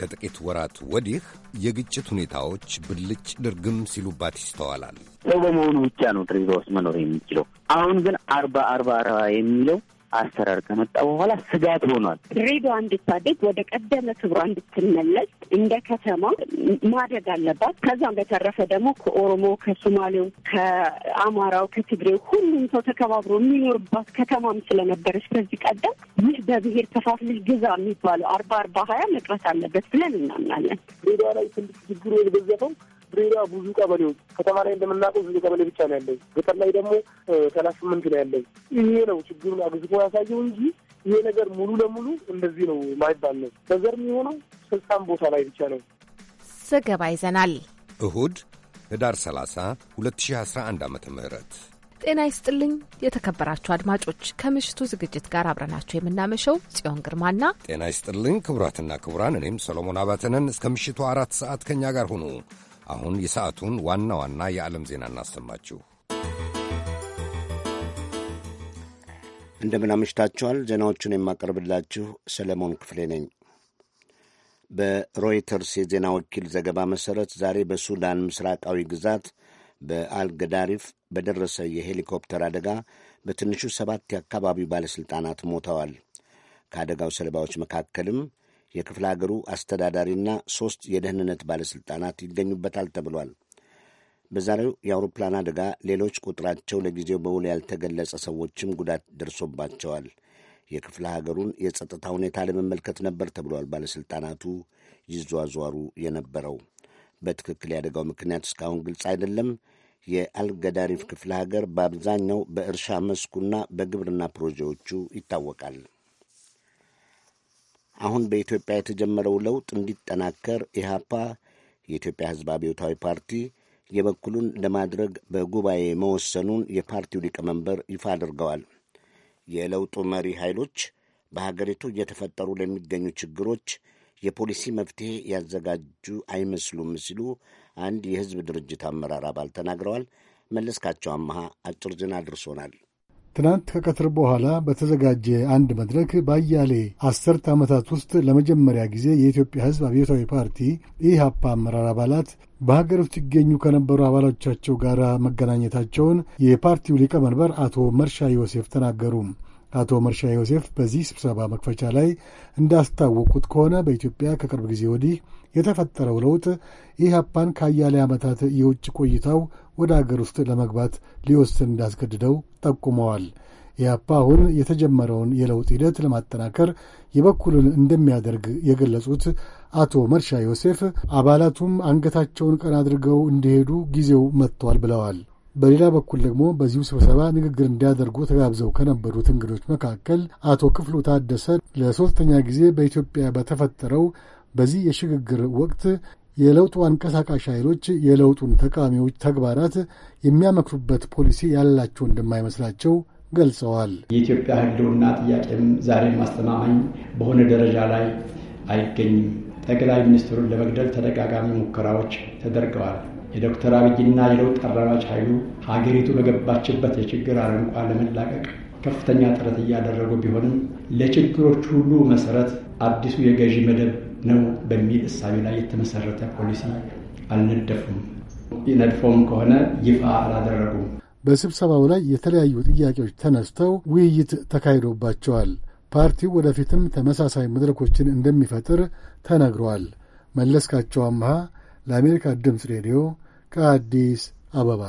ከጥቂት ወራት ወዲህ የግጭት ሁኔታዎች ብልጭ ድርግም ሲሉባት ይስተዋላል። ሰው በመሆኑ ብቻ ነው ድሬዳዋ ውስጥ መኖር የሚችለው። አሁን ግን አርባ አርባ አርባ የሚለው አሰራር ከመጣ በኋላ ስጋት ሆኗል። ድሬዳዋ እንድታደግ ወደ ቀደመ ክብሯ እንድትመለስ እንደ ከተማ ማደግ አለባት። ከዛም በተረፈ ደግሞ ከኦሮሞ፣ ከሶማሌው፣ ከአማራው፣ ከትግሬው ሁሉም ሰው ተከባብሮ የሚኖርባት ከተማም ስለነበረች ከዚህ ቀደም ይህ በብሔር ከፋፍለሽ ግዛ የሚባለው አርባ አርባ ሀያ መቅረት አለበት ብለን እናምናለን። ድሬዳዋ ላይ ትልቅ ችግሩ የበዘፈው ድሬዳዋ ብዙ ቀበሌዎች ከተማ ላይ እንደምናውቀው ብዙ ቀበሌ ብቻ ነው ያለኝ። ገጠር ላይ ደግሞ ሰላሳ ስምንት ነው ያለኝ። ይሄ ነው ችግሩን አግዝቦ ያሳየው እንጂ ይሄ ነገር ሙሉ ለሙሉ እንደዚህ ነው ማይባል ነው። በዘር የሚሆነው ስልሳን ቦታ ላይ ብቻ ነው። ዘገባ ይዘናል። እሁድ ህዳር 30 2011 ዓ ም ጤና ይስጥልኝ የተከበራችሁ አድማጮች፣ ከምሽቱ ዝግጅት ጋር አብረናችሁ የምናመሸው ጽዮን ግርማና ጤና ይስጥልኝ ክቡራትና ክቡራን፣ እኔም ሰሎሞን አባተነን እስከ ምሽቱ አራት ሰዓት ከእኛ ጋር ሁኑ። አሁን የሰዓቱን ዋና ዋና የዓለም ዜና እናሰማችሁ። እንደምን አምሽታችኋል። ዜናዎቹን የማቀርብላችሁ ሰለሞን ክፍሌ ነኝ። በሮይተርስ የዜና ወኪል ዘገባ መሠረት ዛሬ በሱዳን ምስራቃዊ ግዛት በአልገዳሪፍ በደረሰ የሄሊኮፕተር አደጋ በትንሹ ሰባት የአካባቢው ባለሥልጣናት ሞተዋል። ከአደጋው ሰለባዎች መካከልም የክፍለ ሀገሩ አስተዳዳሪና ሦስት የደህንነት ባለሥልጣናት ይገኙበታል ተብሏል። በዛሬው የአውሮፕላን አደጋ ሌሎች ቁጥራቸው ለጊዜው በውል ያልተገለጸ ሰዎችም ጉዳት ደርሶባቸዋል። የክፍለ ሀገሩን የጸጥታ ሁኔታ ለመመልከት ነበር ተብሏል ባለሥልጣናቱ ይዟዟሩ የነበረው። በትክክል የአደጋው ምክንያት እስካሁን ግልጽ አይደለም። የአልገዳሪፍ ክፍለ ሀገር በአብዛኛው በእርሻ መስኩና በግብርና ፕሮጀዎቹ ይታወቃል። አሁን በኢትዮጵያ የተጀመረው ለውጥ እንዲጠናከር ኢህአፓ የኢትዮጵያ ሕዝብ አብዮታዊ ፓርቲ የበኩሉን ለማድረግ በጉባኤ መወሰኑን የፓርቲው ሊቀመንበር ይፋ አድርገዋል። የለውጡ መሪ ኃይሎች በሀገሪቱ እየተፈጠሩ ለሚገኙ ችግሮች የፖሊሲ መፍትሄ ያዘጋጁ አይመስሉም ሲሉ አንድ የሕዝብ ድርጅት አመራር አባል ተናግረዋል። መለስካቸው አመሃ አጭር ዜና አድርሶናል። ትናንት ከቀትር በኋላ በተዘጋጀ አንድ መድረክ በአያሌ አስርት ዓመታት ውስጥ ለመጀመሪያ ጊዜ የኢትዮጵያ ሕዝብ አብዮታዊ ፓርቲ ኢህአፓ አመራር አባላት በሀገር ውስጥ ይገኙ ከነበሩ አባሎቻቸው ጋር መገናኘታቸውን የፓርቲው ሊቀመንበር አቶ መርሻ ዮሴፍ ተናገሩ። አቶ መርሻ ዮሴፍ በዚህ ስብሰባ መክፈቻ ላይ እንዳስታወቁት ከሆነ በኢትዮጵያ ከቅርብ ጊዜ ወዲህ የተፈጠረው ለውጥ ኢህአፓን ከአያሌ ዓመታት የውጭ ቆይታው ወደ አገር ውስጥ ለመግባት ሊወስን እንዳስገድደው ጠቁመዋል። ኢህአፓ አሁን የተጀመረውን የለውጥ ሂደት ለማጠናከር የበኩሉን እንደሚያደርግ የገለጹት አቶ መርሻ ዮሴፍ አባላቱም አንገታቸውን ቀና አድርገው እንዲሄዱ ጊዜው መጥቷል ብለዋል። በሌላ በኩል ደግሞ በዚሁ ስብሰባ ንግግር እንዲያደርጉ ተጋብዘው ከነበሩት እንግዶች መካከል አቶ ክፍሉ ታደሰ ለሦስተኛ ጊዜ በኢትዮጵያ በተፈጠረው በዚህ የሽግግር ወቅት የለውጡ አንቀሳቃሽ ኃይሎች የለውጡን ተቃዋሚዎች ተግባራት የሚያመክሩበት ፖሊሲ ያላቸው እንደማይመስላቸው ገልጸዋል። የኢትዮጵያ ሕልውና ጥያቄም ዛሬ ማስተማማኝ በሆነ ደረጃ ላይ አይገኝም። ጠቅላይ ሚኒስትሩን ለመግደል ተደጋጋሚ ሙከራዎች ተደርገዋል። የዶክተር አብይና የለውጥ አራማጅ ኃይሉ ሀገሪቱ በገባችበት የችግር አረንቋ ለመላቀቅ ከፍተኛ ጥረት እያደረጉ ቢሆንም ለችግሮች ሁሉ መሰረት አዲሱ የገዢ መደብ ነው በሚል እሳቤ ላይ የተመሰረተ ፖሊሲ አልነደፉም። ነድፎም ከሆነ ይፋ አላደረጉም። በስብሰባው ላይ የተለያዩ ጥያቄዎች ተነስተው ውይይት ተካሂዶባቸዋል። ፓርቲው ወደፊትም ተመሳሳይ መድረኮችን እንደሚፈጥር ተነግረዋል። መለስካቸው አምሃ ለአሜሪካ ድምፅ ሬዲዮ ከአዲስ አበባ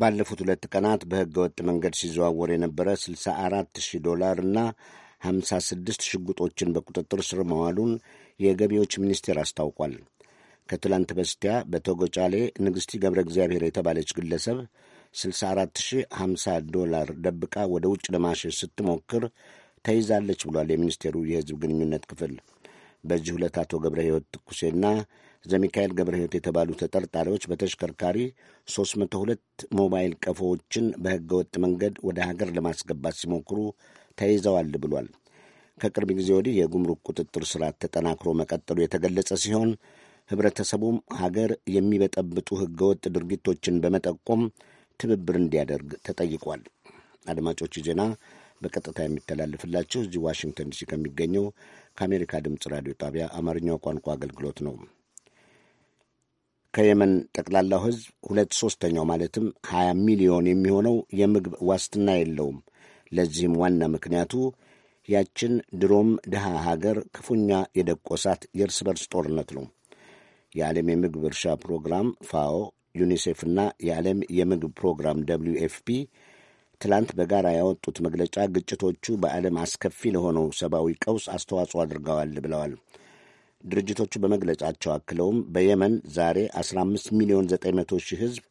ባለፉት ሁለት ቀናት በሕገ ወጥ መንገድ ሲዘዋወር የነበረ 64 ሺህ ዶላር እና ስድስት ሽጉጦችን በቁጥጥር ስር መዋሉን የገቢዎች ሚኒስቴር አስታውቋል። ከትላንት በስቲያ በቶጎጫሌ ንግሥቲ ገብረ እግዚአብሔር የተባለች ግለሰብ 64050 ዶላር ደብቃ ወደ ውጭ ለማሸሽ ስትሞክር ተይዛለች ብሏል የሚኒስቴሩ የሕዝብ ግንኙነት ክፍል። በዚህ ሁለት አቶ ገብረ ሕይወት ትኩሴና ዘሚካኤል ገብረ ሕይወት የተባሉ ተጠርጣሪዎች በተሽከርካሪ 302 ሞባይል ቀፎዎችን በሕገ ወጥ መንገድ ወደ ሀገር ለማስገባት ሲሞክሩ ተይዘዋል ብሏል። ከቅርብ ጊዜ ወዲህ የጉምሩክ ቁጥጥር ስርዓት ተጠናክሮ መቀጠሉ የተገለጸ ሲሆን ህብረተሰቡም ሀገር የሚበጠብጡ ህገወጥ ድርጊቶችን በመጠቆም ትብብር እንዲያደርግ ተጠይቋል። አድማጮች ዜና በቀጥታ የሚተላልፍላቸው እዚህ ዋሽንግተን ዲሲ ከሚገኘው ከአሜሪካ ድምፅ ራዲዮ ጣቢያ አማርኛው ቋንቋ አገልግሎት ነው። ከየመን ጠቅላላው ህዝብ ሁለት ሶስተኛው ማለትም 20 ሚሊዮን የሚሆነው የምግብ ዋስትና የለውም። ለዚህም ዋና ምክንያቱ ያችን ድሮም ድሃ ሀገር ክፉኛ የደቆሳት የእርስ በርስ ጦርነት ነው። የዓለም የምግብ እርሻ ፕሮግራም ፋኦ፣ ዩኒሴፍና የዓለም የምግብ ፕሮግራም ደብሊው ኤፍ ፒ ትላንት በጋራ ያወጡት መግለጫ ግጭቶቹ በዓለም አስከፊ ለሆነው ሰብአዊ ቀውስ አስተዋጽኦ አድርገዋል ብለዋል። ድርጅቶቹ በመግለጫቸው አክለውም በየመን ዛሬ 15 ሚሊዮን 900 ሺህ ሕዝብ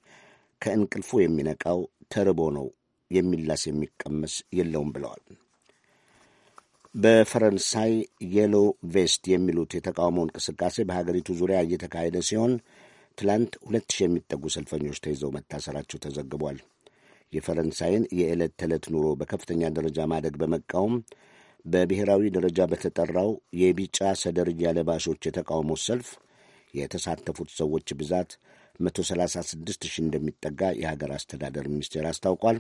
ከእንቅልፉ የሚነቃው ተርቦ ነው የሚላስ የሚቀመስ የለውም ብለዋል። በፈረንሳይ የሎ ቬስት የሚሉት የተቃውሞ እንቅስቃሴ በሀገሪቱ ዙሪያ እየተካሄደ ሲሆን ትላንት ሁለት ሺህ የሚጠጉ ሰልፈኞች ተይዘው መታሰራቸው ተዘግቧል። የፈረንሳይን የዕለት ተዕለት ኑሮ በከፍተኛ ደረጃ ማደግ በመቃወም በብሔራዊ ደረጃ በተጠራው የቢጫ ሰደር ለባሾች የተቃውሞ ሰልፍ የተሳተፉት ሰዎች ብዛት 136 ሺህ እንደሚጠጋ የሀገር አስተዳደር ሚኒስቴር አስታውቋል።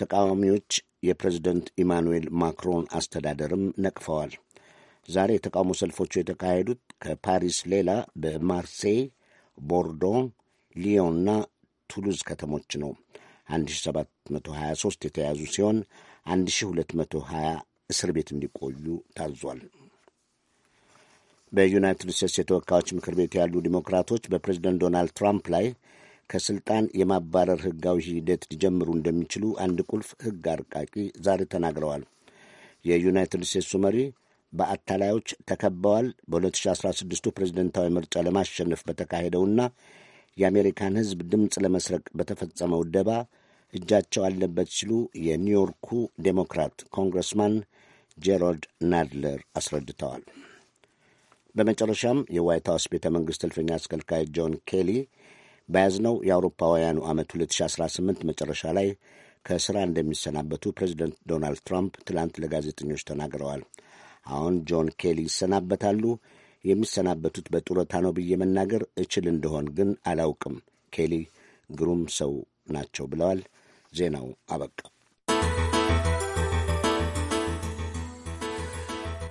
ተቃዋሚዎች የፕሬዝደንት ኢማኑኤል ማክሮን አስተዳደርም ነቅፈዋል። ዛሬ የተቃውሞ ሰልፎቹ የተካሄዱት ከፓሪስ ሌላ በማርሴይ፣ ቦርዶ፣ ሊዮን እና ቱሉዝ ከተሞች ነው። 1723 የተያዙ ሲሆን 1220 እስር ቤት እንዲቆዩ ታዟል። በዩናይትድ ስቴትስ የተወካዮች ምክር ቤት ያሉ ዲሞክራቶች በፕሬዝደንት ዶናልድ ትራምፕ ላይ ከስልጣን የማባረር ህጋዊ ሂደት ሊጀምሩ እንደሚችሉ አንድ ቁልፍ ህግ አርቃቂ ዛሬ ተናግረዋል። የዩናይትድ ስቴትሱ መሪ በአታላዮች ተከበዋል፣ በ2016 ፕሬዝደንታዊ ምርጫ ለማሸነፍ በተካሄደውና የአሜሪካን ህዝብ ድምፅ ለመስረቅ በተፈጸመው ደባ እጃቸው አለበት ሲሉ የኒውዮርኩ ዴሞክራት ኮንግረስማን ጄሮልድ ናድለር አስረድተዋል። በመጨረሻም የዋይት ሀውስ ቤተ መንግሥት እልፈኛ አስከልካይ ጆን ኬሊ በያዝነው የአውሮፓውያኑ ዓመት 2018 መጨረሻ ላይ ከሥራ እንደሚሰናበቱ ፕሬዚደንት ዶናልድ ትራምፕ ትላንት ለጋዜጠኞች ተናግረዋል። አሁን ጆን ኬሊ ይሰናበታሉ። የሚሰናበቱት በጡረታ ነው ብዬ መናገር እችል እንደሆን ግን አላውቅም። ኬሊ ግሩም ሰው ናቸው ብለዋል። ዜናው አበቃ።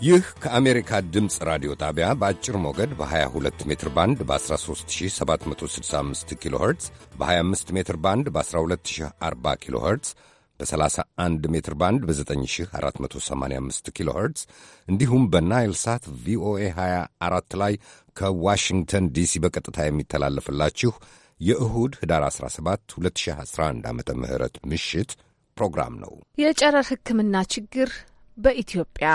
ይህ ከአሜሪካ ድምፅ ራዲዮ ጣቢያ በአጭር ሞገድ በ22 ሜትር ባንድ በ13765 ኪሎ ኸርትዝ በ25 ሜትር ባንድ በ1240 ኪሎ ኸርትዝ በ31 ሜትር ባንድ በ9485 ኪሎ ኸርትዝ እንዲሁም በናይል ሳት ቪኦኤ 24 ላይ ከዋሽንግተን ዲሲ በቀጥታ የሚተላለፍላችሁ የእሁድ ህዳር 17 2011 ዓ ም ምሽት ፕሮግራም ነው። የጨረር ሕክምና ችግር በኢትዮጵያ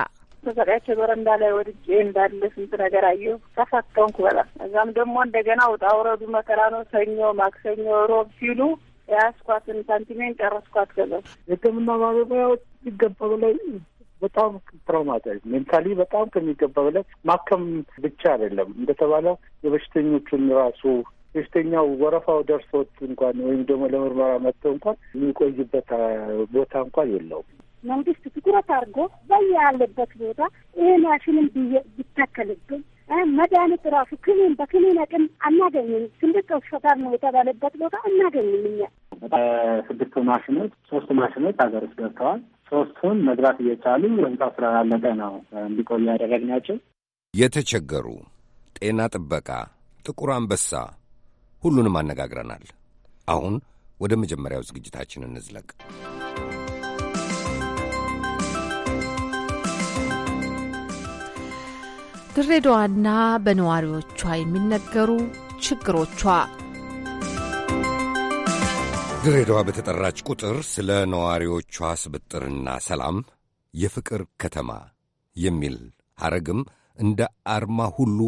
ተሰቃይቼ በረንዳ ላይ ወድጄ እንዳለ ስንት ነገር አየሁ። ተፈተንኩ በጣም። እዛም ደግሞ እንደገና ውጣ ውረዱ መከራ ነው። ሰኞ፣ ማክሰኞ፣ ሮብ ሲሉ የያዝኳትን ሳንቲሜን ጨረስኳት። ገዛ ህክምና ባለሙያዎች ይገባ በላይ በጣም ትራውማታይዝ ሜንታሊ በጣም ከሚገባ በላይ ማከም ብቻ አይደለም እንደተባለው የበሽተኞቹን ራሱ በሽተኛው ወረፋው ደርሶት እንኳን ወይም ደግሞ ለምርመራ መጥቶ እንኳን የሚቆይበት ቦታ እንኳን የለውም። መንግስት ትኩረት አድርጎ በየ ያለበት ቦታ ይህ ማሽንም ቢተከልብን መድኃኒት ራሱ ክኒን በክኒን አቅም አናገኝም። ትልቅ ሆስፒታል ነው የተባለበት ቦታ አናገኝም። እኛ ስድስቱ ማሽኖች ሶስቱ ማሽኖች ሀገር ውስጥ ገብተዋል። ሶስቱን መግባት እየቻሉ ህንጻው ስላላለቀ ነው እንዲቆዩ ያደረግናቸው። የተቸገሩ ጤና ጥበቃ፣ ጥቁር አንበሳ ሁሉንም አነጋግረናል። አሁን ወደ መጀመሪያው ዝግጅታችን እንዝለቅ። ድሬዳዋና በነዋሪዎቿ የሚነገሩ ችግሮቿ። ድሬዳዋ በተጠራች ቁጥር ስለ ነዋሪዎቿ ስብጥርና ሰላም የፍቅር ከተማ የሚል ሐረግም እንደ አርማ ሁሉ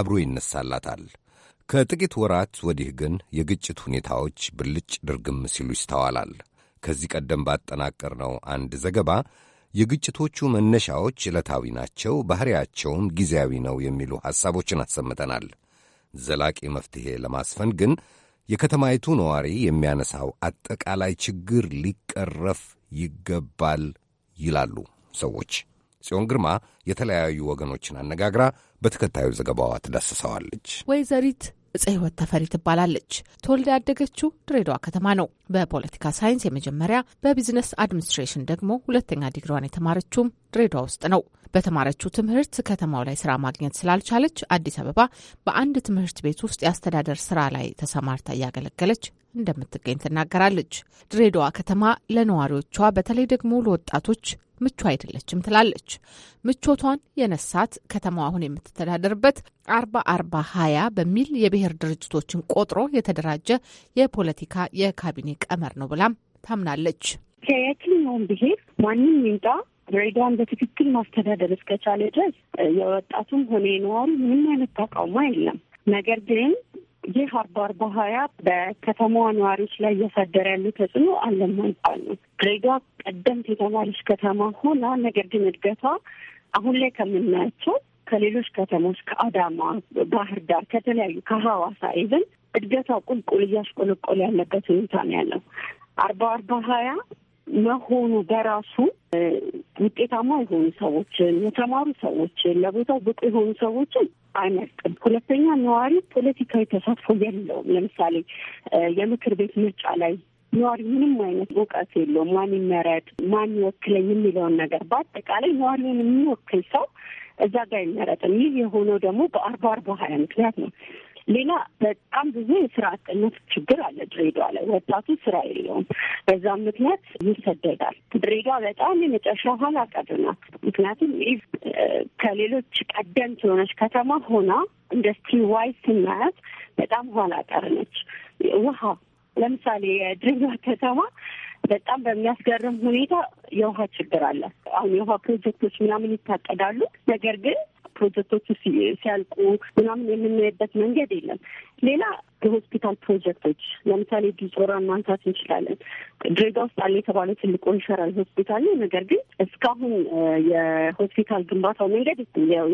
አብሮ ይነሳላታል። ከጥቂት ወራት ወዲህ ግን የግጭት ሁኔታዎች ብልጭ ድርግም ሲሉ ይስተዋላል። ከዚህ ቀደም ባጠናቀርነው አንድ ዘገባ የግጭቶቹ መነሻዎች ዕለታዊ ናቸው፣ ባሕሪያቸውም ጊዜያዊ ነው የሚሉ ሐሳቦችን አሰምተናል። ዘላቂ መፍትሔ ለማስፈን ግን የከተማይቱ ነዋሪ የሚያነሳው አጠቃላይ ችግር ሊቀረፍ ይገባል ይላሉ ሰዎች። ጽዮን ግርማ የተለያዩ ወገኖችን አነጋግራ በተከታዩ ዘገባዋ ትዳስሰዋለች። ወይዘሪት እጸ ህይወት ተፈሪ ትባላለች። ተወልዳ ያደገችው ድሬዳዋ ከተማ ነው። በፖለቲካ ሳይንስ የመጀመሪያ በቢዝነስ አድሚኒስትሬሽን ደግሞ ሁለተኛ ዲግሪዋን የተማረችውም ድሬዳዋ ውስጥ ነው። በተማረችው ትምህርት ከተማው ላይ ስራ ማግኘት ስላልቻለች አዲስ አበባ በአንድ ትምህርት ቤት ውስጥ የአስተዳደር ስራ ላይ ተሰማርታ እያገለገለች እንደምትገኝ ትናገራለች። ድሬዳዋ ከተማ ለነዋሪዎቿ በተለይ ደግሞ ለወጣቶች ምቹ አይደለችም ትላለች። ምቾቷን የነሳት ከተማዋ አሁን የምትተዳደርበት አርባ አርባ ሀያ በሚል የብሔር ድርጅቶችን ቆጥሮ የተደራጀ የፖለቲካ የካቢኔ ቀመር ነው ብላም ታምናለች። ከየትኛውም ብሔር ማንም ይምጣ ድሬዳዋን በትክክል ማስተዳደር እስከቻለ ድረስ የወጣቱም ሆነ የነዋሪ ምንም አይነት ተቃውሞ የለም። ነገር ግን ይህ አርባ አርባ ሀያ በከተማዋ ነዋሪዎች ላይ እያሳደረ ያለው ተጽዕኖ አለም ነው። ድሬዳዋ ቀደምት የተባለች ከተማ ሆና ነገር ግን እድገቷ አሁን ላይ ከምናያቸው ከሌሎች ከተሞች ከአዳማ፣ ባህር ዳር፣ ከተለያዩ ከሀዋሳ ይዘን እድገቷ ቁልቁል እያሽቆለቆለ ያለበት ሁኔታ ነው ያለው። አርባ አርባ ሀያ መሆኑ በራሱ ውጤታማ የሆኑ ሰዎችን፣ የተማሩ ሰዎችን፣ ለቦታው ብቁ የሆኑ ሰዎችን አይመርጥም። ሁለተኛ ነዋሪ ፖለቲካዊ ተሳትፎ የለውም። ለምሳሌ የምክር ቤት ምርጫ ላይ ነዋሪ ምንም አይነት እውቀት የለውም። ማን ይመረጥ፣ ማን ይወክለኝ የሚለውን ነገር በአጠቃላይ ነዋሪውን የሚወክል ሰው እዛ ጋር ይመረጥም ይህ የሆነው ደግሞ በአርባ አርባ ሀያ ምክንያት ነው። ሌላ በጣም ብዙ የስራ አጥነት ችግር አለ ድሬዳዋ ላይ። ወጣቱ ስራ የለውም። በዛም ምክንያት ይሰደዳል። ድሬዳዋ በጣም የመጨረሻ ኋላ ቀር ናት። ምክንያቱም ኢቭ ከሌሎች ቀደምት የሆነች ከተማ ሆና ኢንዱስትሪ ዋይዝ ስናያት በጣም ኋላ ቀር ነች። ውሃ ለምሳሌ የድሬዳዋ ከተማ በጣም በሚያስገርም ሁኔታ የውሃ ችግር አለ። አሁን የውሃ ፕሮጀክቶች ምናምን ይታቀዳሉ። ነገር ግን ፕሮጀክቶቹ ሲያልቁ ምናምን የምናይበት መንገድ የለም። ሌላ የሆስፒታል ፕሮጀክቶች ለምሳሌ ዲጾራን ማንሳት እንችላለን። ድሬዳዋ ውስጥ አለ የተባለው ትልቁ ሪፈራል ሆስፒታል ነው። ነገር ግን እስካሁን የሆስፒታል ግንባታው መንገድ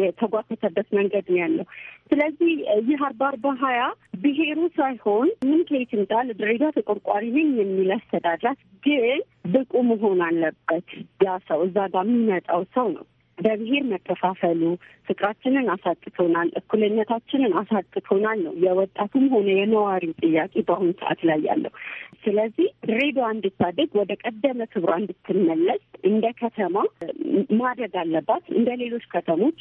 የተጓተተበት መንገድ ነው ያለው። ስለዚህ ይህ አርባ አርባ ሀያ ብሄሩ ሳይሆን ምን ከየት እንዳለ ተቆርቋሪ ነኝ የሚል አስተዳድራት ግን ብቁ መሆን አለበት። ያ ሰው እዛ ጋር የሚመጣው ሰው ነው በብሔር መከፋፈሉ ፍቅራችንን አሳጥቶናል፣ እኩልነታችንን አሳጥቶናል ነው የወጣቱም ሆነ የነዋሪው ጥያቄ በአሁኑ ሰዓት ላይ ያለው። ስለዚህ ድሬዳዋ እንድታደግ ወደ ቀደመ ክብሯ እንድትመለስ እንደ ከተማ ማደግ አለባት እንደ ሌሎች ከተሞች።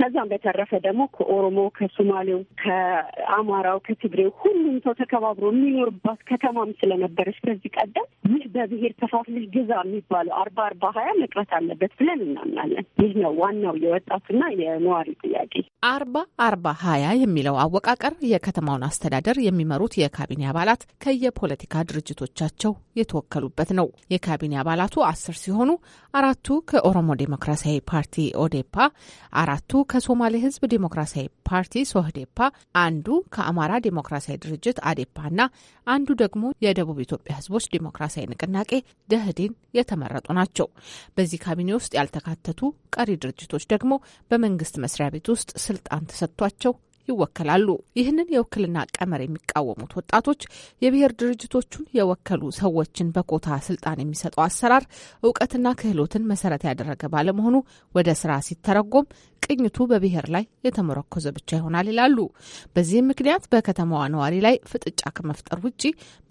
ከዛም በተረፈ ደግሞ ከኦሮሞ፣ ከሶማሌው፣ ከአማራው፣ ከትግሬው ሁሉም ሰው ተከባብሮ የሚኖርባት ከተማም ስለነበረች ከዚህ ቀደም ይህ በብሔር ከፋፍለሽ ግዛ የሚባለው አርባ አርባ ሀያ መቅረት አለበት ብለን እና እናምናለን። ይህ ነው ዋናው የወጣትና የነዋሪ ጥያቄ። አርባ አርባ ሀያ የሚለው አወቃቀር የከተማውን አስተዳደር የሚመሩት የካቢኔ አባላት ከየፖለቲካ ድርጅቶቻቸው የተወከሉበት ነው። የካቢኔ አባላቱ አስር ሲሆኑ አራቱ ከኦሮሞ ዴሞክራሲያዊ ፓርቲ ኦዴፓ፣ አራቱ ከሶማሌ ሕዝብ ዴሞክራሲያዊ ፓርቲ ሶህዴፓ፣ አንዱ ከአማራ ዴሞክራሲያዊ ድርጅት አዴፓ እና አንዱ ደግሞ የደቡብ ኢትዮጵያ ህዝቦች ዴሞክራሲያዊ ንቅናቄ ደህዲን የተመረጡ ናቸው። በዚህ ካቢኔ ውስጥ ያልተካ የተካተቱ ቀሪ ድርጅቶች ደግሞ በመንግስት መስሪያ ቤት ውስጥ ስልጣን ተሰጥቷቸው ይወከላሉ። ይህንን የውክልና ቀመር የሚቃወሙት ወጣቶች የብሔር ድርጅቶቹን የወከሉ ሰዎችን በኮታ ስልጣን የሚሰጠው አሰራር እውቀትና ክህሎትን መሰረት ያደረገ ባለመሆኑ ወደ ስራ ሲተረጎም ቅኝቱ በብሔር ላይ የተመረኮዘ ብቻ ይሆናል ይላሉ። በዚህም ምክንያት በከተማዋ ነዋሪ ላይ ፍጥጫ ከመፍጠር ውጪ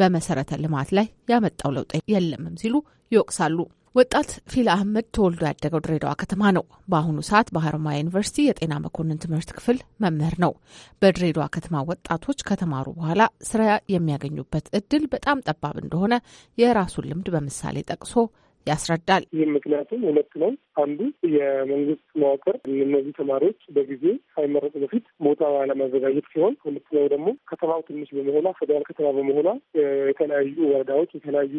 በመሰረተ ልማት ላይ ያመጣው ለውጥ የለምም ሲሉ ይወቅሳሉ። ወጣት ፊል አህመድ ተወልዶ ያደገው ድሬዳዋ ከተማ ነው። በአሁኑ ሰዓት በሀረማያ ዩኒቨርሲቲ የጤና መኮንን ትምህርት ክፍል መምህር ነው። በድሬዳዋ ከተማ ወጣቶች ከተማሩ በኋላ ስራ የሚያገኙበት እድል በጣም ጠባብ እንደሆነ የራሱን ልምድ በምሳሌ ጠቅሶ ያስረዳል። ይህም ምክንያቱም ሁለት ነው። አንዱ የመንግስት መዋቅር እነዚህ ተማሪዎች በጊዜ ሳይመረጡ በፊት ቦታ ለማዘጋጀት ሲሆን፣ ሁለተኛው ደግሞ ከተማው ትንሽ በመሆኗ ፌዴራል ከተማ በመሆኗ የተለያዩ ወረዳዎች የተለያዩ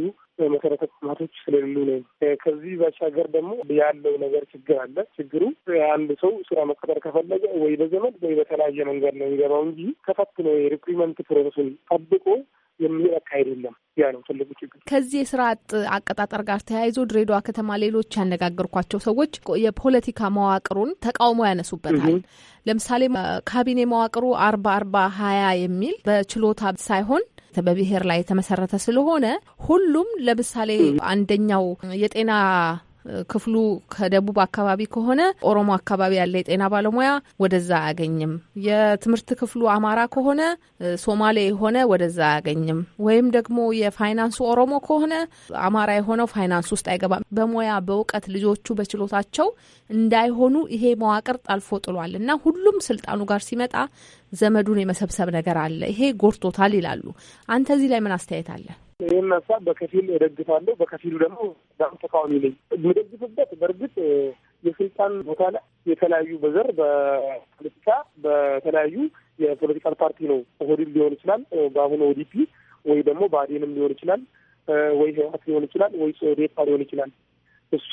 መሰረተ ልማቶች ስለሌሉ ነው። ከዚህ ባሻገር ደግሞ ያለው ነገር ችግር አለ። ችግሩ አንድ ሰው ስራ መቀጠር ከፈለገ ወይ በዘመድ ወይ በተለያየ መንገድ ነው የሚገባው እንጂ ተፈትኖ የሪክሪመንት ፕሮሰሱን ጠብቆ የሚል አካሄድ የለም። ያ ነው ትልቁ ችግር። ከዚህ የስራ አጥ አቀጣጠር ጋር ተያይዞ ድሬዳዋ ከተማ ሌሎች ያነጋገርኳቸው ሰዎች የፖለቲካ መዋቅሩን ተቃውሞ ያነሱበታል። ለምሳሌ ካቢኔ መዋቅሩ አርባ አርባ ሀያ የሚል በችሎታ ሳይሆን በብሔር ላይ የተመሰረተ ስለሆነ ሁሉም ለምሳሌ አንደኛው የጤና ክፍሉ ከደቡብ አካባቢ ከሆነ ኦሮሞ አካባቢ ያለ የጤና ባለሙያ ወደዛ አያገኝም። የትምህርት ክፍሉ አማራ ከሆነ ሶማሌ የሆነ ወደዛ አያገኝም። ወይም ደግሞ የፋይናንሱ ኦሮሞ ከሆነ አማራ የሆነው ፋይናንስ ውስጥ አይገባም። በሙያ በእውቀት ልጆቹ በችሎታቸው እንዳይሆኑ ይሄ መዋቅር ጣልፎ ጥሏል እና ሁሉም ስልጣኑ ጋር ሲመጣ ዘመዱን የመሰብሰብ ነገር አለ። ይሄ ጎርቶታል ይላሉ። አንተ እዚህ ላይ ምን አስተያየት አለ? ይህን ሀሳብ በከፊል እደግፋለሁ፣ በከፊሉ ደግሞ በጣም ተቃዋሚ ነኝ። የምደግፍበት በእርግጥ የስልጣን ቦታ ላይ የተለያዩ በዘር በፖለቲካ በተለያዩ የፖለቲካል ፓርቲ ነው። ኦህዴድ ሊሆን ይችላል፣ በአሁኑ ኦዲፒ ወይ ደግሞ ብአዴንም ሊሆን ይችላል፣ ወይ ህወሓት ሊሆን ይችላል፣ ወይ ኦዴፓ ሊሆን ይችላል። እሱ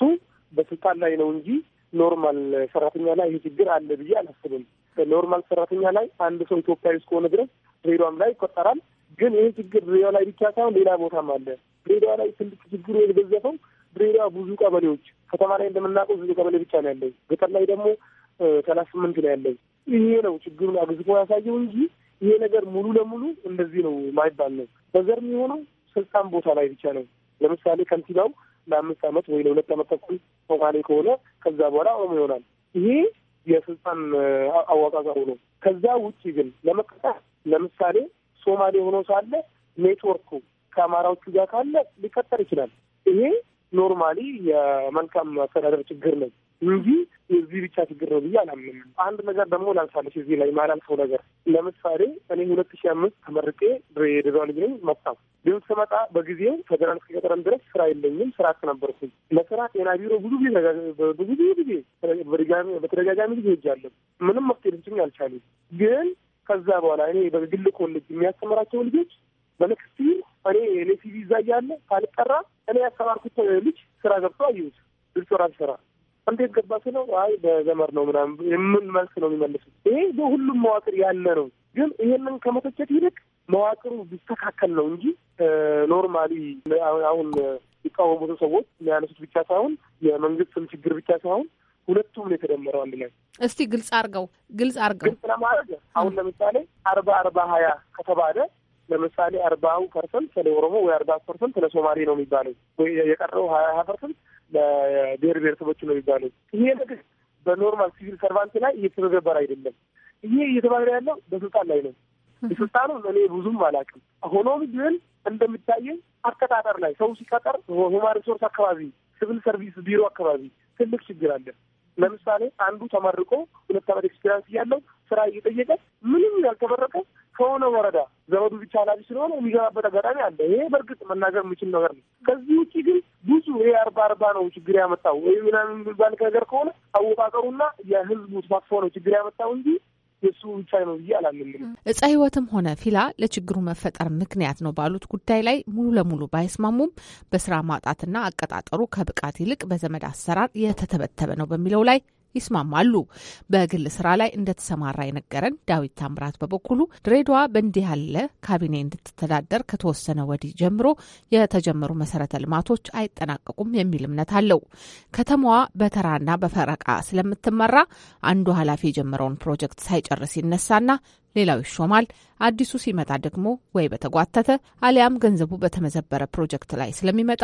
በስልጣን ላይ ነው እንጂ ኖርማል ሰራተኛ ላይ ይህ ችግር አለ ብዬ አላስብም። ኖርማል ሰራተኛ ላይ አንድ ሰው ኢትዮጵያዊ እስከሆነ ድረስ ድሬዳዋም ላይ ይቆጠራል ግን ይሄ ችግር ድሬዳዋ ላይ ብቻ ሳይሆን ሌላ ቦታም አለ። ድሬዳዋ ላይ ትልቅ ችግሩ የተገዘፈው ድሬዳዋ ብዙ ቀበሌዎች ከተማ ላይ እንደምናውቀው ብዙ ቀበሌ ብቻ ነው ያለኝ፣ ገጠር ላይ ደግሞ ሰላሳ ስምንት ነው ያለኝ። ይሄ ነው ችግሩን አግዝፎ ያሳየው እንጂ ይሄ ነገር ሙሉ ለሙሉ እንደዚህ ነው ማይባል ነው። በዘር የሚሆነው ስልጣን ቦታ ላይ ብቻ ነው። ለምሳሌ ከንቲባው ለአምስት ዓመት ወይ ለሁለት ዓመት ተኩል ሶማሌ ከሆነ ከዛ በኋላ ኦሮሞ ይሆናል። ይሄ የስልጣን አወቃቀሩ ነው። ከዛ ውጭ ግን ለመቀጣት ለምሳሌ ሶማሌ ሆኖ ሳለ ኔትወርኩ ከአማራዎቹ ጋር ካለ ሊፈጠር ይችላል። ይሄ ኖርማሊ የመልካም አስተዳደር ችግር ነው እንጂ የዚህ ብቻ ችግር ነው ብዬ አላምንም። አንድ ነገር ደግሞ ላልፋለች እዚህ ላይ ማላልፈው ነገር ለምሳሌ እኔ ሁለት ሺህ አምስት ተመርቄ የድሬዳዋ ልጅ ነኝ መጣሁ። ግን ስመጣ በጊዜው ፌደራል እስከቀጠረን ድረስ ስራ የለኝም። ስራ አስነበርኩኝ ለስራ ጤና ቢሮ ብዙ ጊዜ ብዙ ጊዜ ጊዜ በተደጋጋሚ ጊዜ ሄጃለሁ። ምንም መፍትሄ ልችኝ አልቻሉም። ግን ከዛ በኋላ እኔ በግል ኮሌጅ የሚያስተምራቸው ልጆች በነክስቲ እኔ እኔ ሲቪ እዛ እያለ ካልጠራ እኔ ያስተማርኩት ልጅ ስራ ገብቶ አየሁት ልጅ ስራ እንዴት ገባ ስለው አይ በዘመር ነው ምናምን የምን መልስ ነው የሚመልሱት። ይሄ በሁሉም መዋቅር ያለ ነው። ግን ይሄንን ከመተቸት ይልቅ መዋቅሩ ቢስተካከል ነው እንጂ ኖርማሊ አሁን የሚቃወሙት ሰዎች የሚያነሱት ብቻ ሳይሆን የመንግስትም ችግር ብቻ ሳይሆን ሁለቱም ነው የተደመረው አንድ ላይ። እስቲ ግልጽ አርገው ግልጽ አርገው ግልጽ ለማድረግ አሁን ለምሳሌ አርባ አርባ ሀያ ከተባለ ለምሳሌ አርባው ፐርሰንት ለኦሮሞ ወይ አርባ ፐርሰንት ለሶማሌ ነው የሚባለው ወይ የቀረው ሀያ ሀያ ፐርሰንት ለብሔር ብሔረሰቦች ነው የሚባለው። ይሄ ነገር በኖርማል ሲቪል ሰርቫንት ላይ እየተተገበረ አይደለም። ይሄ እየተባለ ያለው በስልጣን ላይ ነው። የስልጣኑ እኔ ብዙም አላውቅም። ሆኖም ግን እንደሚታየኝ አቀጣጠር ላይ ሰው ሲቀጠር ሁማን ሪሶርስ አካባቢ፣ ሲቪል ሰርቪስ ቢሮ አካባቢ ትልቅ ችግር አለ። ለምሳሌ አንዱ ተመርቆ ሁለት ዓመት ኤክስፔሪንስ እያለው ስራ እየጠየቀ ምንም ያልተመረቀ ከሆነ ወረዳ ዘመዱ ብቻ ኃላፊ ስለሆነ የሚገባበት አጋጣሚ አለ። ይሄ በእርግጥ መናገር የምችል ነገር ነው። ከዚህ ውጭ ግን ብዙ ይሄ አርባ አርባ ነው ችግር ያመጣው ወይ ምናምን የሚባል ነገር ከሆነ አወቃቀሩና የህዝቡ ተሳትፎ ነው ችግር ያመጣው እንጂ የእሱ ብቻ ነው ብዬ አላምንም። እፀ ህይወትም ሆነ ፊላ ለችግሩ መፈጠር ምክንያት ነው ባሉት ጉዳይ ላይ ሙሉ ለሙሉ ባይስማሙም በስራ ማጣትና አቀጣጠሩ ከብቃት ይልቅ በዘመድ አሰራር የተተበተበ ነው በሚለው ላይ ይስማማሉ። በግል ስራ ላይ እንደተሰማራ የነገረን ዳዊት ታምራት በበኩሉ ድሬዳዋ በእንዲህ ያለ ካቢኔ እንድትተዳደር ከተወሰነ ወዲህ ጀምሮ የተጀመሩ መሰረተ ልማቶች አይጠናቀቁም የሚል እምነት አለው። ከተማዋ በተራና በፈረቃ ስለምትመራ አንዱ ኃላፊ የጀመረውን ፕሮጀክት ሳይጨርስ ይነሳና ሌላው ይሾማል። አዲሱ ሲመጣ ደግሞ ወይ በተጓተተ አሊያም ገንዘቡ በተመዘበረ ፕሮጀክት ላይ ስለሚመጣ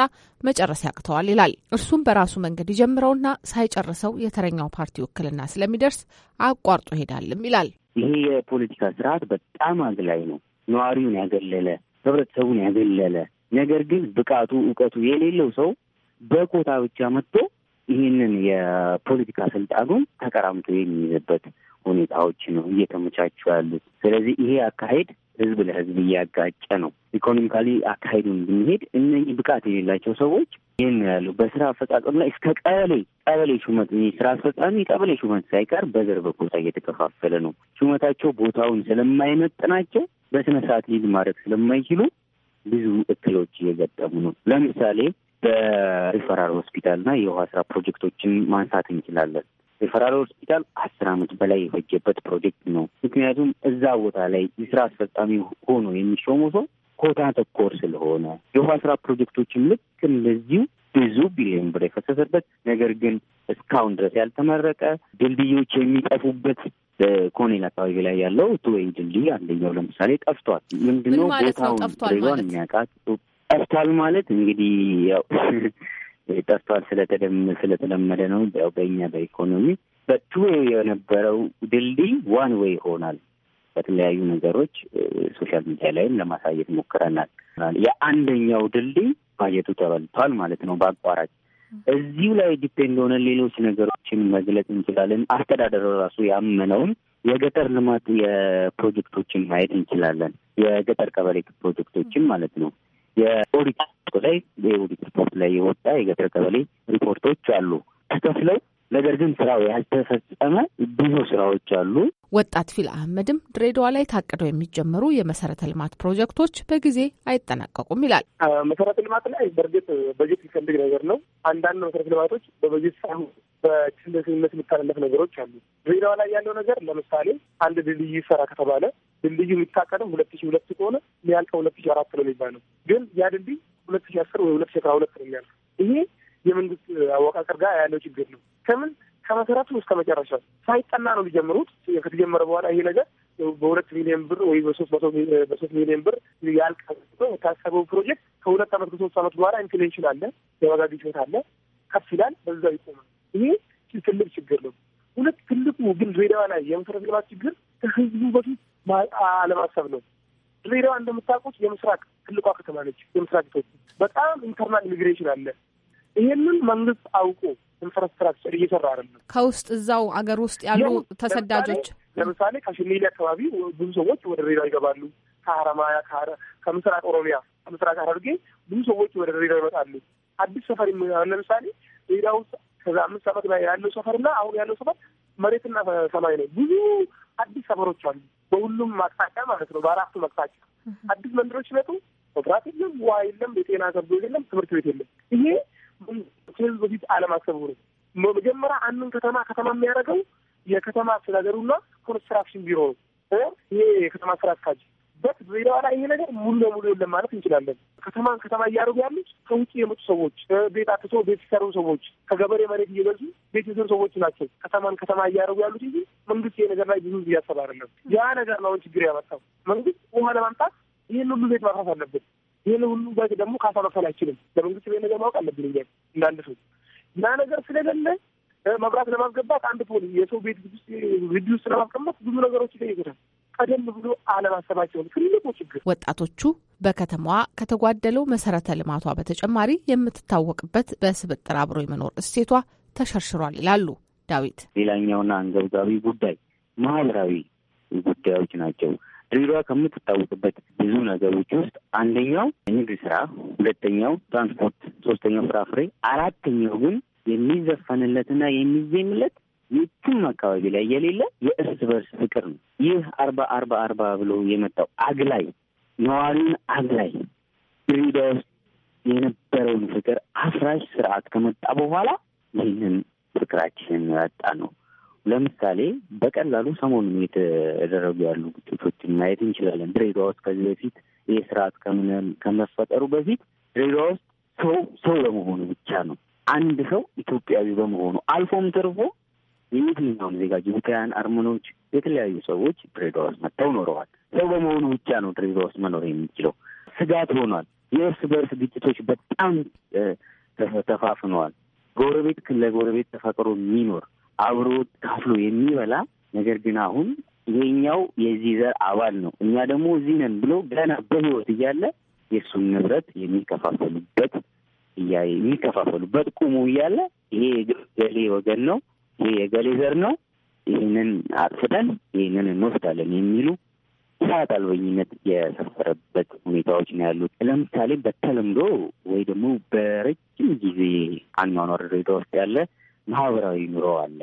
መጨረስ ያቅተዋል ይላል። እርሱም በራሱ መንገድ ይጀምረውና ሳይጨርሰው የተረኛው ፓርቲ ውክልና ስለሚደርስ አቋርጦ ሄዳልም ይላል። ይሄ የፖለቲካ ስርዓት በጣም አግላይ ነው። ነዋሪውን ያገለለ፣ ህብረተሰቡን ያገለለ፣ ነገር ግን ብቃቱ እውቀቱ የሌለው ሰው በኮታ ብቻ መጥቶ ይህንን የፖለቲካ ስልጣኑን ተቀራምቶ የሚይዝበት ሁኔታዎች ነው እየተመቻቹ ያሉት። ስለዚህ ይሄ አካሄድ ህዝብ ለህዝብ እያጋጨ ነው። ኢኮኖሚካሊ አካሄዱን ብንሄድ እነኚህ ብቃት የሌላቸው ሰዎች ይህን ያሉ በስራ አፈጻጸም ላይ እስከ ቀበሌ ቀበሌ ሹመት ስራ አስፈጻሚ ቀበሌ ሹመት ሳይቀር በዘርበ ቦታ እየተከፋፈለ ነው። ሹመታቸው ቦታውን ስለማይመጥናቸው በስነ ስርዓት ሊድ ማድረግ ስለማይችሉ ብዙ እክሎች እየገጠሙ ነው። ለምሳሌ በሪፈራል ሆስፒታልና የውሃ ስራ ፕሮጀክቶችን ማንሳት እንችላለን። የፈራሮ ሆስፒታል አስር አመት በላይ የፈጀበት ፕሮጀክት ነው። ምክንያቱም እዛ ቦታ ላይ የስራ አስፈጻሚ ሆኖ የሚሾሙ ሰው ኮታ ተኮር ስለሆነ የውሃ ስራ ፕሮጀክቶችም ልክ እንደዚሁ ብዙ ቢሊዮን ብር የፈሰሰበት ነገር ግን እስካሁን ድረስ ያልተመረቀ ድልድዮች የሚጠፉበት በኮኔል አካባቢ ላይ ያለው ቱወይ ድልድይ አንደኛው ለምሳሌ ጠፍቷል። ምንድነው ቦታውን ሬዋን የሚያውቃት ጠፍቷል ማለት እንግዲህ ያው ጠፍቷል ስለተለመደ ነው። ያው በእኛ በኢኮኖሚ በቱ ዌይ የነበረው ድልድይ ዋን ዌይ ይሆናል። በተለያዩ ነገሮች ሶሻል ሚዲያ ላይም ለማሳየት ሞክረናል። የአንደኛው ድልድይ ባጀቱ ተበልቷል ማለት ነው በአቋራጭ እዚሁ ላይ ዲፔንድ ሆነ ሌሎች ነገሮችን መግለጽ እንችላለን። አስተዳደሩ ራሱ ያመነውን የገጠር ልማት የፕሮጀክቶችን ማየት እንችላለን። የገጠር ቀበሌ ፕሮጀክቶችን ማለት ነው። የኦዲት ላይ የኦዲት ሪፖርት ላይ የወጣ የገጠር ቀበሌ ሪፖርቶች አሉ ተከፍለው ነገር ግን ስራው ያልተፈጸመ ብዙ ስራዎች አሉ። ወጣት ፊል አህመድም ድሬዳዋ ላይ ታቅደው የሚጀመሩ የመሰረተ ልማት ፕሮጀክቶች በጊዜ አይጠናቀቁም ይላል። መሰረተ ልማት ላይ በእርግጥ በጀት ሊፈልግ ነገር ነው። አንዳንድ መሰረተ ልማቶች በበጀት ሳይሆን በችለተኝነት የሚታለፍ ነገሮች አሉ። ድሬዳዋ ላይ ያለው ነገር ለምሳሌ አንድ ድልድይ ይሰራ ከተባለ ድልድዩ የሚታቀድም ሁለት ሺ ሁለት ከሆነ የሚያልቀው ሁለት ሺ አራት ነው የሚባለው። ግን ያ ድልድይ ሁለት ሺ አስር ወይ ሁለት ሺ አስራ ሁለት ነው የሚያልቀው። ይሄ የመንግስት አወቃቀር ጋር ያለው ችግር ነው። ከምን ከመሰረቱ እስከ መጨረሻ ሳይጠና ነው ሊጀምሩት። ከተጀመረ በኋላ ይሄ ነገር በሁለት ሚሊዮን ብር ወይ በሶስት ሚሊዮን ብር ያልቀ የታሰበው ፕሮጀክት ከሁለት አመት ከሶስት አመት በኋላ ኢንፍሌሽን አለ፣ የዋጋ ግሽበት አለ፣ ከፍ ይላል፣ በዛው ይቆማል። ይሄ ትልቅ ችግር ነው። ሁለት ትልቁ ግን ድሬዳዋ ላይ የመሰረተ ልማት ችግር ከህዝቡ በፊት አለማሰብ ነው። ድሬዳዋ እንደምታውቁት የምስራቅ ትልቋ ከተማ ነች። የምስራቅ ኢትዮጵያ በጣም ኢንተርናል ኢሚግሬሽን አለ። ይሄንን መንግስት አውቆ ኢንፍራስትራክቸር እየሰራ አይደለም። ከውስጥ እዛው አገር ውስጥ ያሉ ተሰዳጆች ለምሳሌ ከሽኔሌ አካባቢ ብዙ ሰዎች ወደ ድሬዳዋ ይገባሉ። ከሀረማያ ከምስራቅ ኦሮሚያ ከምስራቅ ሐረርጌ ብዙ ሰዎች ወደ ድሬዳዋ ይመጣሉ። አዲስ ሰፈር ለምሳሌ ድሬዳዋ ውስጥ ከዛ አምስት ዓመት ላይ ያለው ሰፈርና አሁን ያለው ሰፈር መሬትና ሰማይ ነው። ብዙ አዲስ ሰፈሮች አሉ፣ በሁሉም አቅጣጫ ማለት ነው። በአራቱ አቅጣጫ አዲስ መንደሮች ሲመጡ መብራት የለም፣ ውሃ የለም፣ የጤና አገልግሎት የለም፣ ትምህርት ቤት የለም። ይሄ ህዝብ በፊት አለማሰቡ ነው። መጀመሪያ አንዱን ከተማ ከተማ የሚያደርገው የከተማ አስተዳደሩና ኮንስትራክሽን ቢሮ ነው። ይሄ የከተማ ስራ አስኪያጅ ያሉበት ዜናዋ ላይ ይሄ ነገር ሙሉ ለሙሉ የለም ማለት እንችላለን። ከተማን ከተማ እያደረጉ ያሉት ከውጭ የመጡ ሰዎች፣ ቤት አትቶ ቤት ሲሰሩ ሰዎች፣ ከገበሬ መሬት እየገዙ ቤት የሰሩ ሰዎች ናቸው ከተማን ከተማ እያደረጉ ያሉት እንጂ መንግስት ይሄ ነገር ላይ ብዙ እያሰብ አይደለም። ያ ነገር ነው ችግር ያመጣው። መንግስት ውሃ ለማምጣት ይህን ሁሉ ቤት ማፍራት አለብን፣ ይህን ሁሉ በግ ደግሞ ካሳ መክፈል አይችልም። ለመንግስት ቤት ነገር ማወቅ አለብን እኛ እንዳንድ ሰው። ያ ነገር ስለሌለ መብራት ለማስገባት አንድ ፖሊ የሰው ቤት ግቢ ውስጥ ለማስቀመጥ ብዙ ነገሮች ይጠይቁታል። ቀደም ብሎ አለማሰባቸው ትልቁ ችግር። ወጣቶቹ በከተማዋ ከተጓደለው መሰረተ ልማቷ በተጨማሪ የምትታወቅበት በስብጥር አብሮ የመኖር እሴቷ ተሸርሽሯል ይላሉ ዳዊት። ሌላኛውና አንገብጋቢ ጉዳይ ማህበራዊ ጉዳዮች ናቸው። ድሬዳዋ ከምትታወቅበት ብዙ ነገሮች ውስጥ አንደኛው ንግድ ስራ፣ ሁለተኛው ትራንስፖርት፣ ሶስተኛው ፍራፍሬ፣ አራተኛው ግን የሚዘፈንለትና የሚዜምለት የትም አካባቢ ላይ የሌለ የእርስ በርስ ፍቅር ነው። ይህ አርባ አርባ አርባ ብሎ የመጣው አግላይ ነዋሪውን አግላይ ድሬዳዋ ውስጥ የነበረውን ፍቅር አፍራሽ ስርዓት ከመጣ በኋላ ይህንን ፍቅራችንን ያጣ ነው። ለምሳሌ በቀላሉ ሰሞኑን የተደረጉ ያሉ ግጭቶችን ማየት እንችላለን። ድሬዳዋ ውስጥ ከዚህ በፊት ይህ ስርዓት ከመፈጠሩ በፊት ድሬዳዋ ውስጥ ሰው ሰው በመሆኑ ብቻ ነው አንድ ሰው ኢትዮጵያዊ በመሆኑ አልፎም ተርፎ የየትኛውን ዜጋ ጅቡታውያን፣ አርመኖች፣ የተለያዩ ሰዎች ድሬዳዋ ውስጥ መጥተው ኖረዋል። ሰው በመሆኑ ብቻ ነው ድሬዳዋ ውስጥ መኖር የሚችለው። ስጋት ሆኗል። የእርስ በእርስ ግጭቶች በጣም ተፋፍነዋል። ጎረቤት ለጎረቤት ተፈቅሮ የሚኖር አብሮ ካፍሎ የሚበላ ነገር ግን አሁን ይሄኛው የዚህ ዘር አባል ነው እኛ ደግሞ እዚህ ነን ብሎ ገና በህይወት እያለ የእሱን ንብረት የሚከፋፈሉበት የሚከፋፈሉበት ቁሙ እያለ ይሄ ገሌ ወገን ነው ይህ የገሌ ዘር ነው፣ ይህንን አጥፍተን ይህንን እንወስዳለን የሚሉ ስርዓት አልበኝነት የሰፈረበት ሁኔታዎች ነው ያሉት። ለምሳሌ በተለምዶ ወይ ደግሞ በረጅም ጊዜ አኗኗር ድሬዳዋ ውስጥ ያለ ማህበራዊ ኑሮ አለ።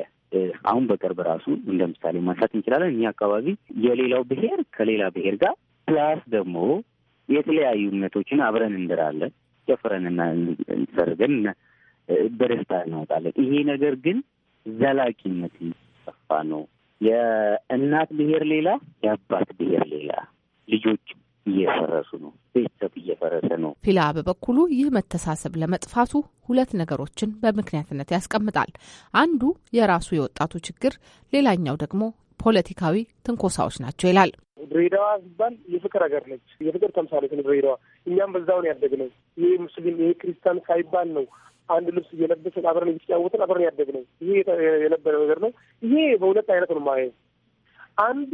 አሁን በቅርብ ራሱ እንደ ምሳሌ ማንሳት እንችላለን። እኛ አካባቢ የሌላው ብሔር ከሌላ ብሔር ጋር ፕላስ ደግሞ የተለያዩ እምነቶችን አብረን እንድራለን፣ ጨፍረን እና ሰርገን በደስታ እናወጣለን። ይሄ ነገር ግን ዘላቂነት የሚሰፋ ነው። የእናት ብሔር ሌላ፣ የአባት ብሔር ሌላ፣ ልጆች እየፈረሱ ነው። ቤተሰብ እየፈረሰ ነው። ፊላ በበኩሉ ይህ መተሳሰብ ለመጥፋቱ ሁለት ነገሮችን በምክንያትነት ያስቀምጣል። አንዱ የራሱ የወጣቱ ችግር፣ ሌላኛው ደግሞ ፖለቲካዊ ትንኮሳዎች ናቸው ይላል። ድሬዳዋ ሲባል የፍቅር ሀገር ነች። የፍቅር ተምሳሌት ነው ድሬዳዋ። እኛም በዛውን ያደግነው ይህ ሙስሊም ይህ ክርስቲያን ሳይባል ነው አንድ ልብስ እየለበስን አብረን እየተጫወትን አብረን ነው። ይሄ የነበረ ነገር ነው። ይሄ በሁለት አይነት ነው ማየ አንዱ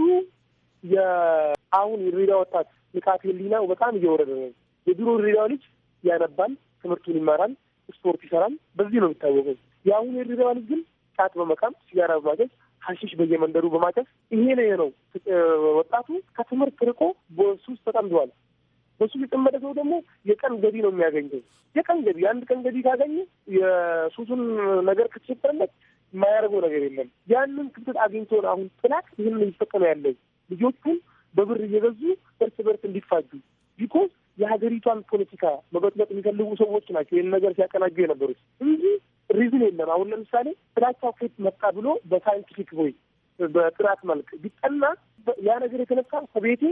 የአሁን የድሬዳ ወጣት ንቃት ህሊናው በጣም እየወረደ ነው። የድሮ ድሬዳ ልጅ ያነባል፣ ትምህርቱን ይማራል፣ ስፖርት ይሰራል። በዚህ ነው የሚታወቀው። የአሁን የድሬዳ ልጅ ግን ጫት በመቃም ሲጋራ በማጨስ ሀሺሽ በየመንደሩ በማጨስ ይሄ ነው ወጣቱ ከትምህርት ርቆ በሱስ ተጠምዷል። በሱ የጨመረ ሰው ደግሞ የቀን ገቢ ነው የሚያገኘው። የቀን ገቢ አንድ ቀን ገቢ ካገኘ የሱሱን ነገር ከተሸፈነለት የማያደርገው ነገር የለም። ያንን ክፍተት አግኝቶን አሁን ጥናት ይህን እየተጠቀመ ያለው ልጆቹን በብር እየገዙ እርስ በርስ እንዲፋጁ ቢኮዝ የሀገሪቷን ፖለቲካ መበጥበጥ የሚፈልጉ ሰዎች ናቸው ይህን ነገር ሲያቀናጁ የነበሩት እንጂ ሪዝን የለም። አሁን ለምሳሌ ጥላቻው ከየት መጣ ብሎ በሳይንቲፊክ ወይ በጥናት መልክ ቢጠና ያ ነገር የተነሳ ከቤቴ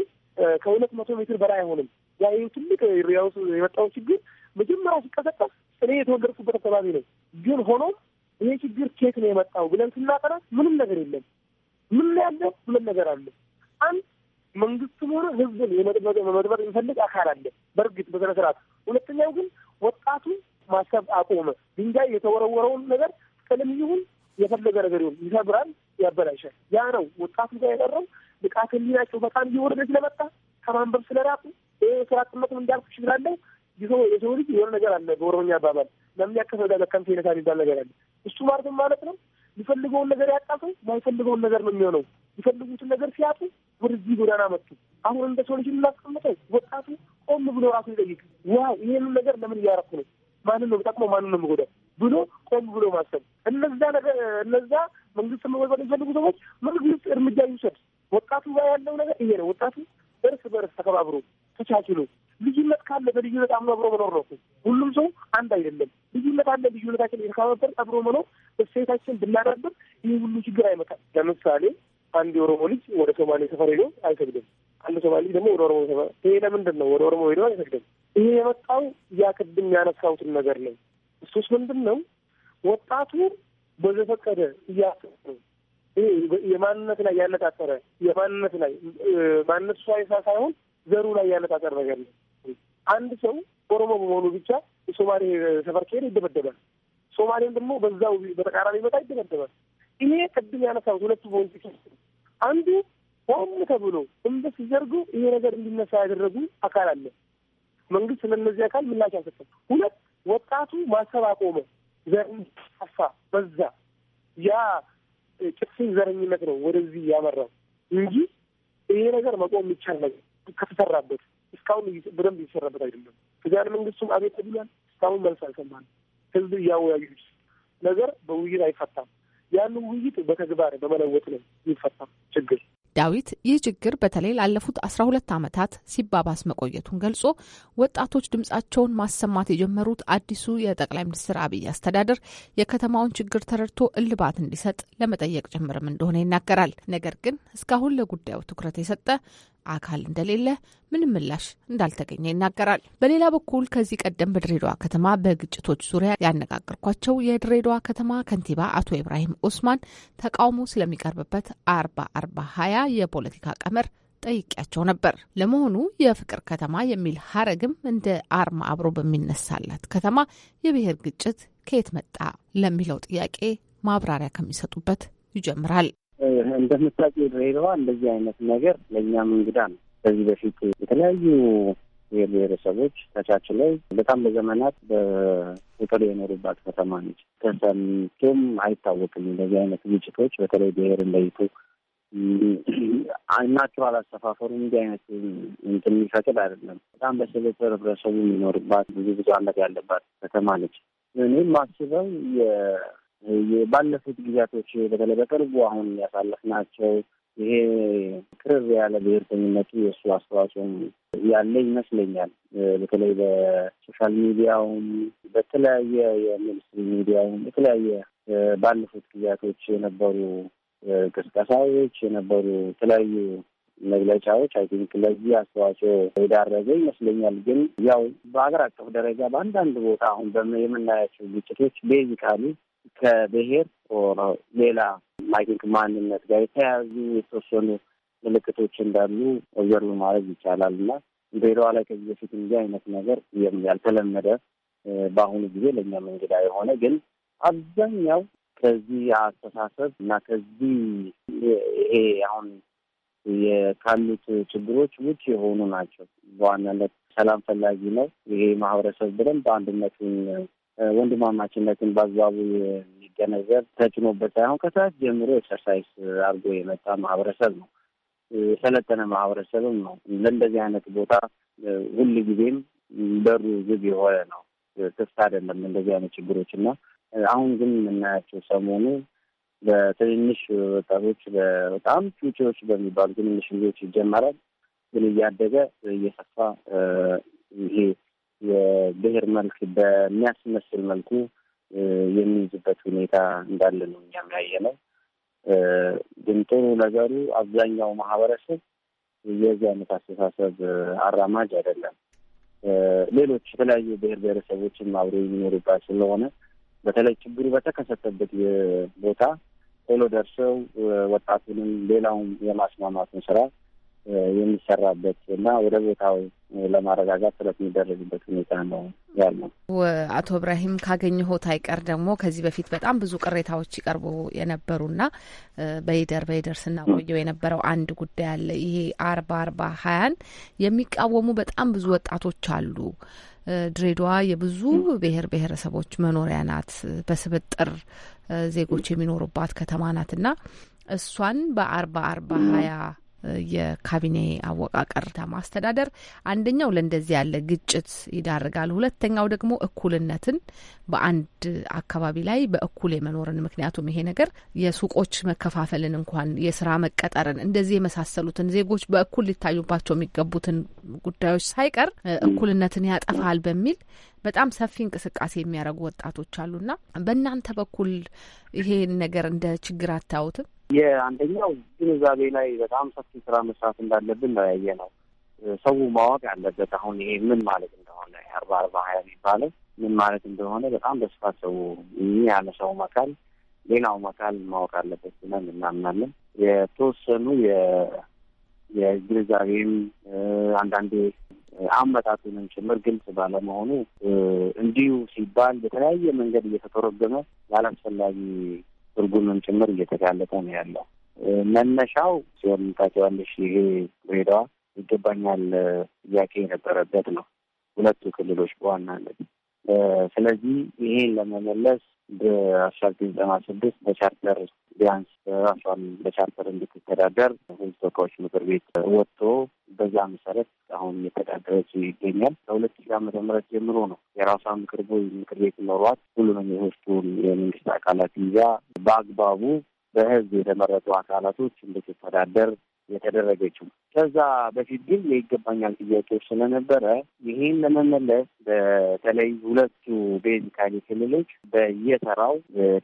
ከሁለት መቶ ሜትር በላይ አይሆንም ያ ትልቅ ሪያ ውስጥ የመጣው ችግር መጀመሪያ ሲቀሰቀስ እኔ የተወለድኩበት አካባቢ ነው። ግን ሆኖም ይሄ ችግር ኬት ነው የመጣው ብለን ስናጠና ምንም ነገር የለም። ምን ያለ ሁለት ነገር አለ። አንድ መንግስትም ሆነ ህዝብን መድበር የሚፈልግ አካል አለ በእርግጥ በስነ ስርዓት። ሁለተኛው ግን ወጣቱ ማሰብ አቆመ። ድንጋይ የተወረወረውን ነገር ጥልም ይሁን የፈለገ ነገር ይሁን ይሰብራል፣ ያበላሻል። ያ ነው ወጣቱ ጋር የቀረው። ብቃት ሊናቸው በጣም እየወረደ ስለመጣ ከማንበብ ስለራቁ ስላስቀመጥም እንዳልኩሽ ብላለሁ። ይዞ የሰው ልጅ የሆነ ነገር አለ በኦሮምኛ አባባል ለምን ያከሰ ወዳ ለካም ሲነሳ የሚባል ነገር አለ። እሱ ማለት ማለት ነው የሚፈልገውን ነገር ያጣፈው ማይፈልገውን ነገር ነው የሚሆነው። የሚፈልጉትን ነገር ሲያጡ ወደዚህ ጎዳና መጡ። አሁን እንደ ሰው ልጅ የምናስቀምጠው ወጣቱ ቆም ብሎ ራሱ ይጠይቅ። ዋው ይህንን ነገር ለምን እያረኩ ነው? ማንን ነው ጠቅሞ ማንን ነው የምጎዳው ብሎ ቆም ብሎ ማሰብ። እነዛ እነዛ መንግስት መወዛት የሚፈልጉ ሰዎች መንግስት እርምጃ ይውሰድ። ወጣቱ ጋር ያለው ነገር ይሄ ነው። ወጣቱ እርስ በርስ ተከባብሮ ተቻችሎ ልዩነት ካለ በልዩነት አምኖ አብሮ መኖር ነው። ሁሉም ሰው አንድ አይደለም። ልዩነት አለ። ልዩነታችን የተከባበር አብሮ መኖር እሴታችን ብናዳብር ይህ ሁሉ ችግር አይመጣም። ለምሳሌ አንድ የኦሮሞ ልጅ ወደ ሶማሌ ሰፈር ሄዶ አይሰግድም። አንድ ሶማሌ ልጅ ደግሞ ወደ ኦሮሞ ሰፈር ይሄ ለምንድን ነው ወደ ኦሮሞ ሄዶ አይሰግድም? ይሄ የመጣው ያቅድም ያነሳሁትን ነገር ነው። እሱስ ምንድን ነው? ወጣቱ በዘፈቀደ እያስብ ነው። ይሄ የማንነት ላይ ያነጣጠረ የማንነት ላይ ማንነት ሷይሳ ሳይሆን ዘሩ ላይ ያነጣጠር ነገር ነው። አንድ ሰው ኦሮሞ በመሆኑ ብቻ ሶማሌ ሰፈር ከሄደ ይደበደባል። ሶማሌም ደግሞ በዛው በተቃራኒ መጣ ይደበደባል። ይሄ ቅድም ያነሳሁት ሁለቱ ፖሊቲክ አንዱ ሆም ተብሎ እንደ ሲዘርጉ ይሄ ነገር እንዲነሳ ያደረጉ አካል አለ። መንግስት ስለነዚህ አካል ምላሽ አልሰጠም። ሁለት ወጣቱ ማሰብ አቆመ። ዘር ጠፋ፣ በዛ። ያ ጭፍን ዘረኝነት ነው ወደዚህ ያመራው እንጂ ይሄ ነገር መቆም ይቻል ነገር ከተሰራበት እስካሁን በደንብ እየተሰራበት አይደለም። ከዚያን መንግስቱም አቤት ብሏል። እስካሁን መልስ አልሰማንም። ህዝብ እያወያዩት ነገር በውይይት አይፈታም። ያን ውይይት በተግባር በመለወጥ ነው የሚፈታም ችግር። ዳዊት ይህ ችግር በተለይ ላለፉት አስራ ሁለት ዓመታት ሲባባስ መቆየቱን ገልጾ ወጣቶች ድምጻቸውን ማሰማት የጀመሩት አዲሱ የጠቅላይ ሚኒስትር አብይ አስተዳደር የከተማውን ችግር ተረድቶ እልባት እንዲሰጥ ለመጠየቅ ጭምርም እንደሆነ ይናገራል። ነገር ግን እስካሁን ለጉዳዩ ትኩረት የሰጠ አካል እንደሌለ ምንም ምላሽ እንዳልተገኘ ይናገራል። በሌላ በኩል ከዚህ ቀደም በድሬዳዋ ከተማ በግጭቶች ዙሪያ ያነጋገርኳቸው የድሬዳዋ ከተማ ከንቲባ አቶ ኢብራሂም ኦስማን ተቃውሞ ስለሚቀርብበት አርባ አርባ ሀያ የፖለቲካ ቀመር ጠይቂያቸው ነበር። ለመሆኑ የፍቅር ከተማ የሚል ሀረግም እንደ አርማ አብሮ በሚነሳላት ከተማ የብሔር ግጭት ከየት መጣ ለሚለው ጥያቄ ማብራሪያ ከሚሰጡበት ይጀምራል። እንደምታውቂው ድሬዳዋ እንደዚህ አይነት ነገር ለእኛም እንግዳ ነው። ከዚህ በፊት የተለያዩ ብሔር ብሔረሰቦች ተቻችለው በጣም በዘመናት በፍቅር የኖሩባት ከተማ ነች። ተሰምቶም አይታወቅም እንደዚህ አይነት ግጭቶች፣ በተለይ ብሔር ለይቶ ናቹራል አሰፋፈሩ እንዲህ አይነት እንትን የሚፈቅድ አይደለም። በጣም በስብት ህብረተሰቡ የሚኖርባት ብዙ ብዙ አለት ያለባት ከተማ ነች። እኔም አስበው ባለፉት ጊዜያቶች በተለይ በቅርቡ አሁን ያሳለፍናቸው ይሄ ቅርብ ያለ ብሔርተኝነቱ የእሱ አስተዋጽኦም ያለ ይመስለኛል። በተለይ በሶሻል ሚዲያውም በተለያየ የሚኒስትሪ ሚዲያውም የተለያየ ባለፉት ጊዜያቶች የነበሩ ቅስቀሳዎች የነበሩ የተለያዩ መግለጫዎች አይ ቲንክ ለዚህ አስተዋጽኦ የዳረገ ይመስለኛል። ግን ያው በሀገር አቀፍ ደረጃ በአንዳንድ ቦታ አሁን የምናያቸው ግጭቶች ቤዚካሊ ከብሔር ሌላ ማይክ ማንነት ጋር የተያያዙ የተወሰኑ ምልክቶች እንዳሉ ኦብዘርቭ ማድረግ ይቻላል እና ድሬዳዋ ላይ ከዚህ በፊት እንዲህ አይነት ነገር ያልተለመደ በአሁኑ ጊዜ ለእኛም እንግዳ የሆነ ግን አብዛኛው ከዚህ አስተሳሰብ እና ከዚህ ይሄ አሁን ካሉት ችግሮች ውጭ የሆኑ ናቸው። በዋናነት ሰላም ፈላጊ ነው ይሄ ማህበረሰብ ብለን በአንድነቱን ወንድማማችነትን በአግባቡ የሚገነዘብ ተጭኖበት ሳይሆን ከሰዓት ጀምሮ ኤክሰርሳይዝ አድርጎ የመጣ ማህበረሰብ ነው። የሰለጠነ ማህበረሰብም ነው። ለእንደዚህ አይነት ቦታ ሁል ጊዜም በሩ ዝግ የሆነ ነው። ክፍት አይደለም እንደዚህ አይነት ችግሮች እና አሁን ግን የምናያቸው ሰሞኑ በትንንሽ ወጣቶች በጣም ጩጬዎች በሚባሉ ትንንሽ ልጆች ይጀመራል። ግን እያደገ እየሰፋ ይሄ የብሔር መልክ በሚያስመስል መልኩ የሚይዙበት ሁኔታ እንዳለ ነው እኛም ያየ ነው። ግን ጥሩ ነገሩ አብዛኛው ማህበረሰብ የዚህ አይነት አስተሳሰብ አራማጅ አይደለም። ሌሎች የተለያዩ ብሔር ብሔረሰቦችም አብሮ የሚኖሩባት ስለሆነ በተለይ ችግሩ በተከሰተበት ቦታ ቶሎ ደርሰው ወጣቱንም ሌላውም የማስማማቱን ስራ የሚሰራበት እና ወደ ቦታው ለማረጋጋት ጥረት የሚደረግበት ሁኔታ ነው ያለው። አቶ እብራሂም ካገኘሁት አይቀር ደግሞ ከዚህ በፊት በጣም ብዙ ቅሬታዎች ይቀርቡ የነበሩና በይደር በይደር ስናቆየው የነበረው አንድ ጉዳይ አለ። ይሄ አርባ አርባ ሀያን የሚቃወሙ በጣም ብዙ ወጣቶች አሉ። ድሬዳዋ የብዙ ብሔር ብሔረሰቦች መኖሪያ ናት። በስብጥር ዜጎች የሚኖሩባት ከተማ ናትና እሷን በአርባ አርባ ሀያ የካቢኔ አወቃቀር ማስተዳደር አንደኛው ለእንደዚህ ያለ ግጭት ይዳርጋል። ሁለተኛው ደግሞ እኩልነትን በአንድ አካባቢ ላይ በእኩል የመኖርን ምክንያቱም ይሄ ነገር የሱቆች መከፋፈልን እንኳን የስራ መቀጠርን እንደዚህ የመሳሰሉትን ዜጎች በእኩል ሊታዩባቸው የሚገቡትን ጉዳዮች ሳይቀር እኩልነትን ያጠፋል በሚል በጣም ሰፊ እንቅስቃሴ የሚያደርጉ ወጣቶች አሉና በእናንተ በኩል ይሄን ነገር እንደ ችግር አታዩትም? የአንደኛው ግንዛቤ ላይ በጣም ሰፊ ስራ መስራት እንዳለብን ነው ያየ ነው። ሰው ማወቅ ያለበት አሁን ይሄ ምን ማለት እንደሆነ አርባ አርባ ሀያ የሚባለው ምን ማለት እንደሆነ በጣም በስፋት ሰው ሰው አካል ሌላው አካል ማወቅ አለበት ብለን እናምናለን። የተወሰኑ የግንዛቤም አንዳንዴ አመጣቱንም ጭምር ግልጽ ባለመሆኑ እንዲሁ ሲባል በተለያየ መንገድ እየተተረጎመ ያላስፈላጊ ትርጉምም ጭምር እየተጋለጠ ነው ያለው። መነሻው ሲሆን ታውቂዋለሽ፣ ይሄ ድሬዳዋ ይገባኛል ጥያቄ የነበረበት ነው ሁለቱ ክልሎች በዋናነት። ስለዚህ ይሄን ለመመለስ በአስራ ዘጠኝ ዘጠና ስድስት በቻርተር ቢያንስ ራሷን በቻርተር እንድትተዳደር ህዝብ ተወካዮች ምክር ቤት ወጥቶ በዛ መሰረት አሁን እየተዳደረች ይገኛል። ከሁለት ሺህ ዓመተ ምህረት ጀምሮ ነው የራሷ ምክር ምክር ቤት ኖሯት ሁሉንም የውስጡን የመንግስት አካላት ይዛ በአግባቡ በህዝብ የተመረጡ አካላቶች እንድትተዳደር የተደረገችው። ከዛ በፊት ግን የይገባኛል ጥያቄዎች ስለነበረ ይህን ለመመለስ በተለይ ሁለቱ ቤዚካሊ ክልሎች በየተራው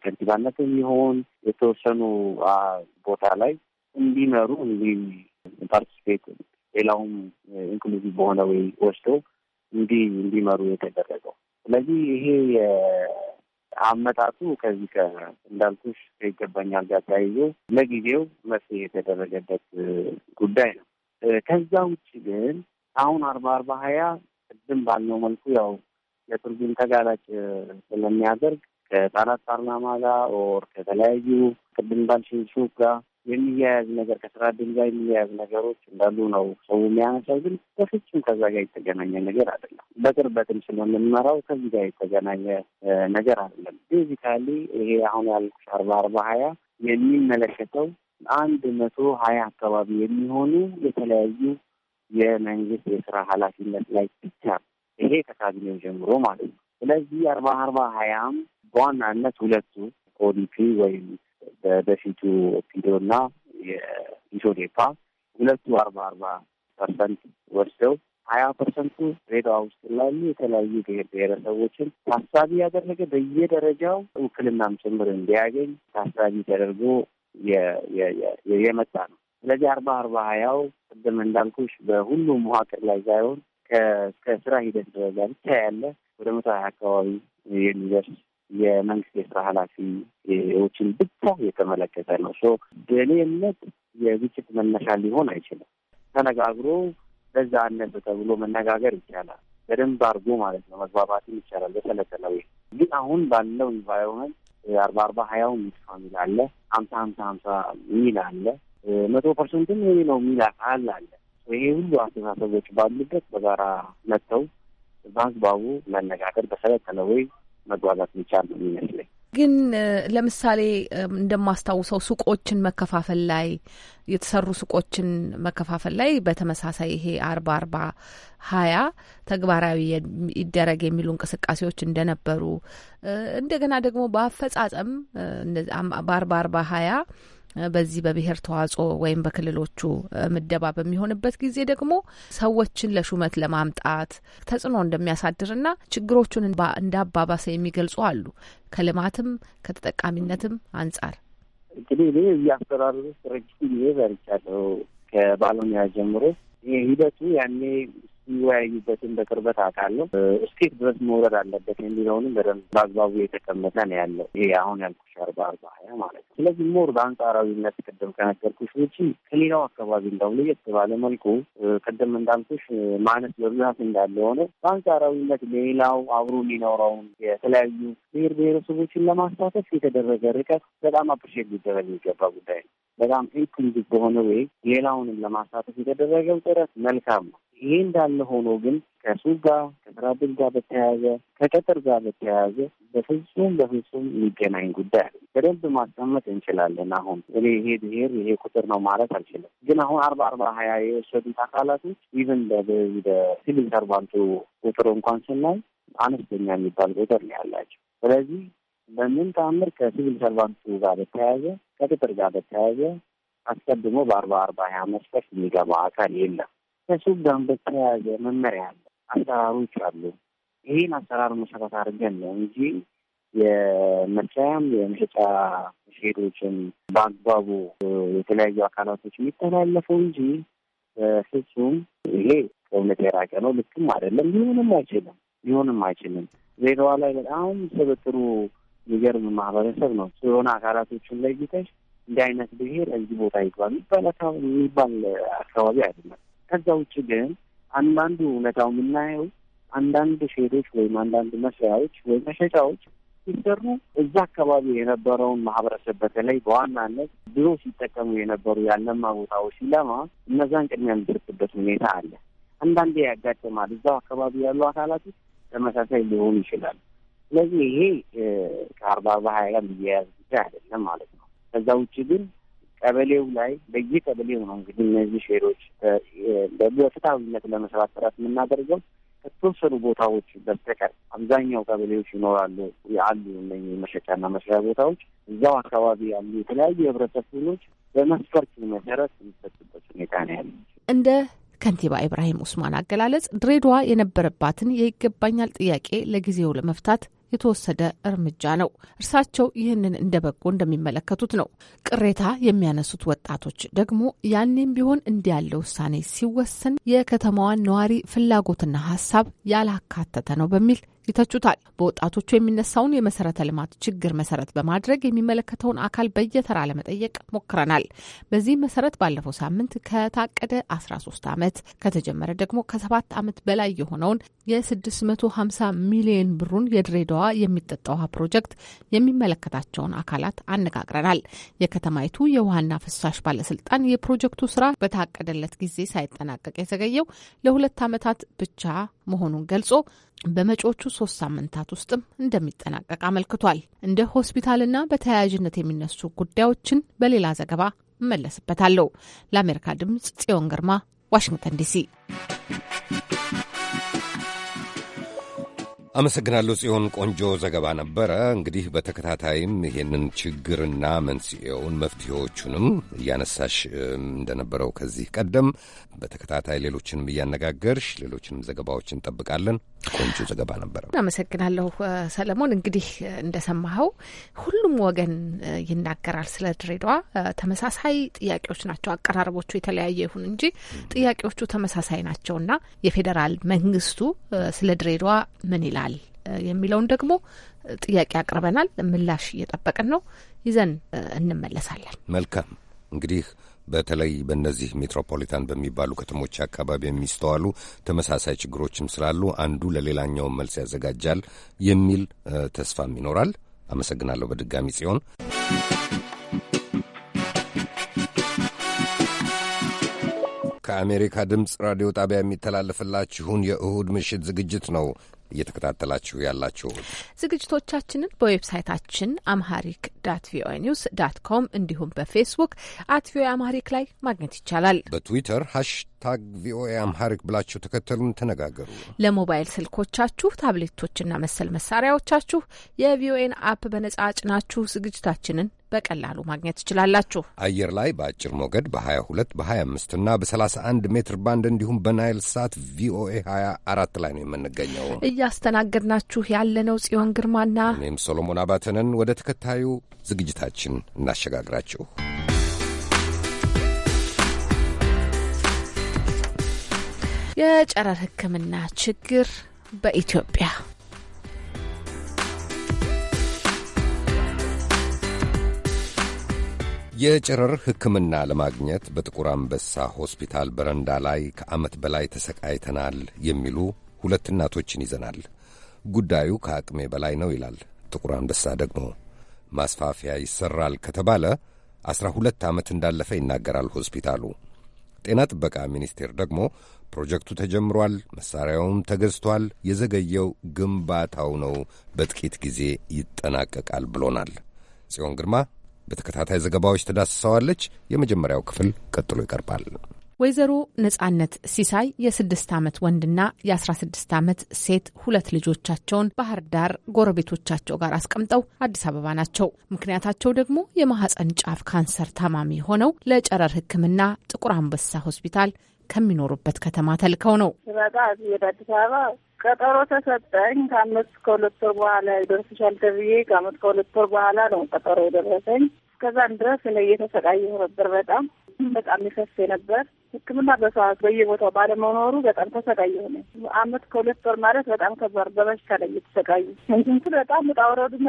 ከንቲባነት የሚሆን የተወሰኑ ቦታ ላይ እንዲመሩ እንዲ ፓርቲስፔት ሌላውም ኢንክሉዚቭ በሆነ ወይ ወስዶ እንዲ እንዲመሩ የተደረገው። ስለዚህ ይሄ አመጣቱ ከዚህ ከእንዳልኩሽ ከይገባኛል ጋር ተያይዞ ለጊዜው መፍትሄ የተደረገበት ጉዳይ ነው። ከዛ ውጭ ግን አሁን አርባ አርባ ሀያ ቅድም ባለው መልኩ ያው ለትርጉም ተጋላጭ ስለሚያደርግ ከጣናት ፓርላማ ጋር ኦር ከተለያዩ ቅድም ባልሽን ሹፍ ጋር የሚያያዝ ነገር ከስራ እድል ጋር የሚያያዝ ነገሮች እንዳሉ ነው ሰው የሚያነሳው። ግን በፍጹም ከዛ ጋር የተገናኘ ነገር አይደለም። በቅርበትም ስለምንመራው ከዚህ ጋር የተገናኘ ነገር አይደለም። ቤዚካሊ ይሄ አሁን ያልኩሽ አርባ አርባ ሀያ የሚመለከተው አንድ መቶ ሀያ አካባቢ የሚሆኑ የተለያዩ የመንግስት የስራ ኃላፊነት ላይ ብቻ ይሄ ከካቢኔው ጀምሮ ማለት ነው። ስለዚህ አርባ አርባ ሀያም በዋናነት ሁለቱ ኦዲፒ ወይም በበፊቱ ኦፒዶና የኢሶዴፓ ሁለቱ አርባ አርባ ፐርሰንት ወስደው ሀያ ፐርሰንቱ ሬዳዋ ውስጥ ላሉ የተለያዩ ብሔር ብሔረሰቦችን ታሳቢ ያደረገ በየደረጃው ውክልናም ጭምር እንዲያገኝ ታሳቢ ተደርጎ የመጣ ነው። ስለዚህ አርባ አርባ ሀያው ቅድም እንዳልኩሽ በሁሉም መዋቅር ላይ ሳይሆን ከስራ ሂደት ደረጃ ብቻ ያለ ወደ መቶ ሀያ አካባቢ የሚደርስ የመንግስት የስራ ኃላፊዎችን ብቻ የተመለከተ ነው። ሶ ገሌነት የግጭት መነሻ ሊሆን አይችልም። ተነጋግሮ በዛ አነብ ተብሎ መነጋገር ይቻላል። በደንብ አድርጎ ማለት ነው መግባባትም ይቻላል። በሰለጠነ ግን አሁን ባለው ኢንቫይሮመንት አርባ አርባ ሀያው ሚጥፋ ፋሚል አለ፣ ሀምሳ ሀምሳ ሀምሳ ሚል አለ፣ መቶ ፐርሰንትም ይሄ ነው ሚል አካል አለ። ይሄ ሁሉ አስተሳሰቦች ባሉበት በጋራ መጥተው በአግባቡ መነጋገር በሰለጠነ ወይ መግባባት መቻል ነው የሚመስለኝ። ግን ለምሳሌ እንደማስታውሰው ሱቆችን መከፋፈል ላይ የተሰሩ ሱቆችን መከፋፈል ላይ በተመሳሳይ ይሄ አርባ አርባ ሀያ ተግባራዊ ይደረግ የሚሉ እንቅስቃሴዎች እንደነበሩ እንደገና ደግሞ በአፈጻጸም በአርባ አርባ ሀያ በዚህ በብሔር ተዋጽኦ ወይም በክልሎቹ ምደባ በሚሆንበት ጊዜ ደግሞ ሰዎችን ለሹመት ለማምጣት ተጽዕኖ እንደሚያሳድርና ችግሮቹን አባባሰ የሚገልጹ አሉ። ከልማትም ከተጠቃሚነትም አንጻር እንግዲህ እኔ እያሰራሩ ረጅም ጊዜ ከባለሙያ ጀምሮ ይህ ሂደቱ ያኔ የሚወያዩበትን በቅርበት አውቃለሁ። እስቴት ድረስ መውረድ አለበት የሚለውንም በደንብ በአግባቡ የተቀመጠ ነው ያለው። ይሄ አሁን ያልኩሽ አርባ አርባ ሀያ ማለት ነው። ስለዚህ ሞር በአንጻራዊነት ቅድም ከነገርኩሽ ውጪ ከሌላው አካባቢ እንደውም ለየት ባለ መልኩ ቅድም እንዳልኩሽ ማነት በብዛት እንዳለ ሆነ በአንጻራዊነት ሌላው አብሮ ሊኖረውን የተለያዩ ብሔር ብሔረሰቦችን ለማሳተፍ የተደረገ ርቀት በጣም አፕሪሼት ሊደረግ የሚገባ ጉዳይ ነው። በጣም ኢንክሉዚቭ በሆነ ወይ ሌላውንም ለማሳተፍ የተደረገው ጥረት መልካም ነው። ይሄ እንዳለ ሆኖ ግን ከሱስ ጋር ከስራብን ጋር በተያያዘ ከቀጠር ጋር በተያያዘ በፍጹም በፍጹም የሚገናኝ ጉዳይ አለ። በደንብ ማስቀመጥ እንችላለን። አሁን እኔ ይሄ ብሄር ይሄ ቁጥር ነው ማለት አልችልም። ግን አሁን አርባ አርባ ሀያ የወሰዱት አካላቶች ኢቨን በሲቪል ሰርቫንቱ ቁጥር እንኳን ስናይ አነስተኛ የሚባል ቁጥር ነው ያላቸው። ስለዚህ በምን ተአምር ከሲቪል ሰርቫንቱ ጋር በተያያዘ ከቅጥር ጋር በተያያዘ አስቀድሞ በአርባ አርባ ሀያ መስፈርት የሚገባ አካል የለም። ከሱ ጋር በተያያዘ መመሪያ አለ፣ አሰራሮች አሉ። ይህን አሰራር መሰረት አድርገን ነው እንጂ የመሳያም የመሸጫ ሼዶችን በአግባቡ የተለያዩ አካላቶች የሚተላለፈው እንጂ በፍጹም ይሄ ከእውነት የራቀ ነው። ልክም አይደለም። ሊሆንም አይችልም። ሊሆንም አይችልም። ዜናዋ ላይ በጣም ስብጥሩ የሚገርም ማህበረሰብ ነው። የሆነ አካላቶችን ለይተሽ እንዲህ አይነት ብሄር እዚህ ቦታ ይግባል የሚባል አካባቢ አይደለም። ከዛ ውጭ ግን አንዳንዱ እውነታው የምናየው አንዳንድ ሼዶች ወይም አንዳንድ መስሪያዎች ወይም መሸጫዎች ሲሰሩ እዛ አካባቢ የነበረውን ማህበረሰብ በተለይ በዋናነት ድሮ ሲጠቀሙ የነበሩ ያለማ ቦታዎች ሲለማ እነዛን ቅድሚያ የሚደርስበት ሁኔታ አለ። አንዳንዴ ያጋጥማል። እዛው አካባቢ ያሉ አካላት ተመሳሳይ ሊሆኑ ይችላል። ስለዚህ ይሄ ከአርባ አርባ ሀያ የሚያያዝ ብቻ አይደለም ማለት ነው። ከዛ ውጭ ግን ቀበሌው ላይ በየቀበሌው ነው እንግዲህ እነዚህ ሼሮች በፍትሐዊነት ለመስራት ጥረት የምናደርገው ከተወሰኑ ቦታዎች በስተቀር አብዛኛው ቀበሌዎች ይኖራሉ አሉ መሸጫና መስሪያ ቦታዎች እዛው አካባቢ ያሉ የተለያዩ የህብረተሰብ ክፍሎች በመስፈርት መሰረት የሚሰጡበት ሁኔታ ነው ያለ እንደ ከንቲባ ኢብራሂም ኡስማን አገላለጽ ድሬዳዋ የነበረባትን የይገባኛል ጥያቄ ለጊዜው ለመፍታት የተወሰደ እርምጃ ነው። እርሳቸው ይህንን እንደ በጎ እንደሚመለከቱት ነው። ቅሬታ የሚያነሱት ወጣቶች ደግሞ ያኔም ቢሆን እንዲህ ያለ ውሳኔ ሲወሰን የከተማዋን ነዋሪ ፍላጎትና ሀሳብ ያላካተተ ነው በሚል ይተቹታል። በወጣቶቹ የሚነሳውን የመሰረተ ልማት ችግር መሰረት በማድረግ የሚመለከተውን አካል በየተራ ለመጠየቅ ሞክረናል። በዚህ መሰረት ባለፈው ሳምንት ከታቀደ 13 ዓመት ከተጀመረ ደግሞ ከሰባት ዓመት በላይ የሆነውን የ650 ሚሊዮን ብሩን የድሬዳዋ የሚጠጣ ውሃ ፕሮጀክት የሚመለከታቸውን አካላት አነጋግረናል። የከተማይቱ የውሃና ፍሳሽ ባለስልጣን የፕሮጀክቱ ስራ በታቀደለት ጊዜ ሳይጠናቀቅ የተገየው ለሁለት ዓመታት ብቻ መሆኑን ገልጾ በመጪዎቹ ሶስት ሳምንታት ውስጥም እንደሚጠናቀቅ አመልክቷል። እንደ ሆስፒታልና በተያያዥነት የሚነሱ ጉዳዮችን በሌላ ዘገባ እመለስበታለሁ። ለአሜሪካ ድምጽ ጽዮን ግርማ ዋሽንግተን ዲሲ አመሰግናለሁ ጽዮን፣ ቆንጆ ዘገባ ነበረ። እንግዲህ በተከታታይም ይሄንን ችግርና መንስኤውን መፍትሄዎቹንም እያነሳሽ እንደነበረው ከዚህ ቀደም በተከታታይ ሌሎችንም እያነጋገርሽ ሌሎችንም ዘገባዎች እንጠብቃለን። ቆንጆ ዘገባ ነበረ። አመሰግናለሁ ሰለሞን። እንግዲህ እንደሰማኸው ሁሉም ወገን ይናገራል ስለ ድሬዳዋ። ተመሳሳይ ጥያቄዎች ናቸው። አቀራረቦቹ የተለያየ ይሁን እንጂ ጥያቄዎቹ ተመሳሳይ ናቸውና የፌዴራል መንግስቱ ስለ ድሬዳዋ ምን ይላል ይሆናል የሚለውን ደግሞ ጥያቄ አቅርበናል። ምላሽ እየጠበቅን ነው። ይዘን እንመለሳለን። መልካም እንግዲህ በተለይ በእነዚህ ሜትሮፖሊታን በሚባሉ ከተሞች አካባቢ የሚስተዋሉ ተመሳሳይ ችግሮችም ስላሉ አንዱ ለሌላኛውን መልስ ያዘጋጃል የሚል ተስፋም ይኖራል። አመሰግናለሁ በድጋሚ ጽዮን። ከአሜሪካ ድምፅ ራዲዮ ጣቢያ የሚተላለፍላችሁን የእሁድ ምሽት ዝግጅት ነው እየተከታተላችሁ ያላችሁ። ዝግጅቶቻችንን በዌብሳይታችን አምሃሪክ ዳት ቪኦኤ ኒውስ ዳት ኮም እንዲሁም በፌስቡክ አት ቪኦኤ አምሃሪክ ላይ ማግኘት ይቻላል። በትዊተር ሃሽታግ ቪኦኤ አምሃሪክ ብላችሁ ተከተሉን፣ ተነጋገሩ። ለሞባይል ስልኮቻችሁ፣ ታብሌቶችና መሰል መሳሪያዎቻችሁ የቪኦኤን አፕ በነጻ ጭናችሁ ዝግጅታችንን በቀላሉ ማግኘት ትችላላችሁ። አየር ላይ በአጭር ሞገድ በ22 በ25 እና በ31 ሜትር ባንድ እንዲሁም በናይል ሳት ቪኦኤ 24 ላይ ነው የምንገኘው። እያስተናገድናችሁ ያለነው ጽዮን ግርማና እኔም ሶሎሞን አባተንን። ወደ ተከታዩ ዝግጅታችን እናሸጋግራችሁ። የጨረር ሕክምና ችግር በኢትዮጵያ የጨረር ሕክምና ለማግኘት በጥቁር አንበሳ ሆስፒታል በረንዳ ላይ ከዓመት በላይ ተሰቃይተናል የሚሉ ሁለት እናቶችን ይዘናል። ጉዳዩ ከአቅሜ በላይ ነው ይላል ጥቁር አንበሳ ደግሞ። ማስፋፊያ ይሰራል ከተባለ አስራ ሁለት ዓመት እንዳለፈ ይናገራል ሆስፒታሉ። ጤና ጥበቃ ሚኒስቴር ደግሞ ፕሮጀክቱ ተጀምሯል፣ መሣሪያውም ተገዝቷል፣ የዘገየው ግንባታው ነው፣ በጥቂት ጊዜ ይጠናቀቃል ብሎናል። ጽዮን ግርማ በተከታታይ ዘገባዎች ተዳስሰዋለች። የመጀመሪያው ክፍል ቀጥሎ ይቀርባል። ወይዘሮ ነጻነት ሲሳይ የስድስት ዓመት ወንድና የአስራ ስድስት ዓመት ሴት ሁለት ልጆቻቸውን ባህር ዳር ጎረቤቶቻቸው ጋር አስቀምጠው አዲስ አበባ ናቸው። ምክንያታቸው ደግሞ የማህፀን ጫፍ ካንሰር ታማሚ ሆነው ለጨረር ሕክምና ጥቁር አንበሳ ሆስፒታል ከሚኖሩበት ከተማ ተልከው ነው። ስመጣ ወደ አዲስ አበባ ቀጠሮ ተሰጠኝ። ከአመት ከሁለት ወር በኋላ ይደርስሻል ተብዬ ከአመት ከሁለት ወር በኋላ ነው ቀጠሮ የደረሰኝ። እስከዛን ድረስ እኔ እየተሰቃየሁ ነበር። በጣም በጣም የከሴ ነበር። ሕክምና በሰዋት በየቦታው ባለመኖሩ በጣም ተሰቃየሁ ነኝ። አመት ከሁለት ወር ማለት በጣም ከባድ በበሽታ ላይ እየተሰቃዩ እንትን በጣም ውጣ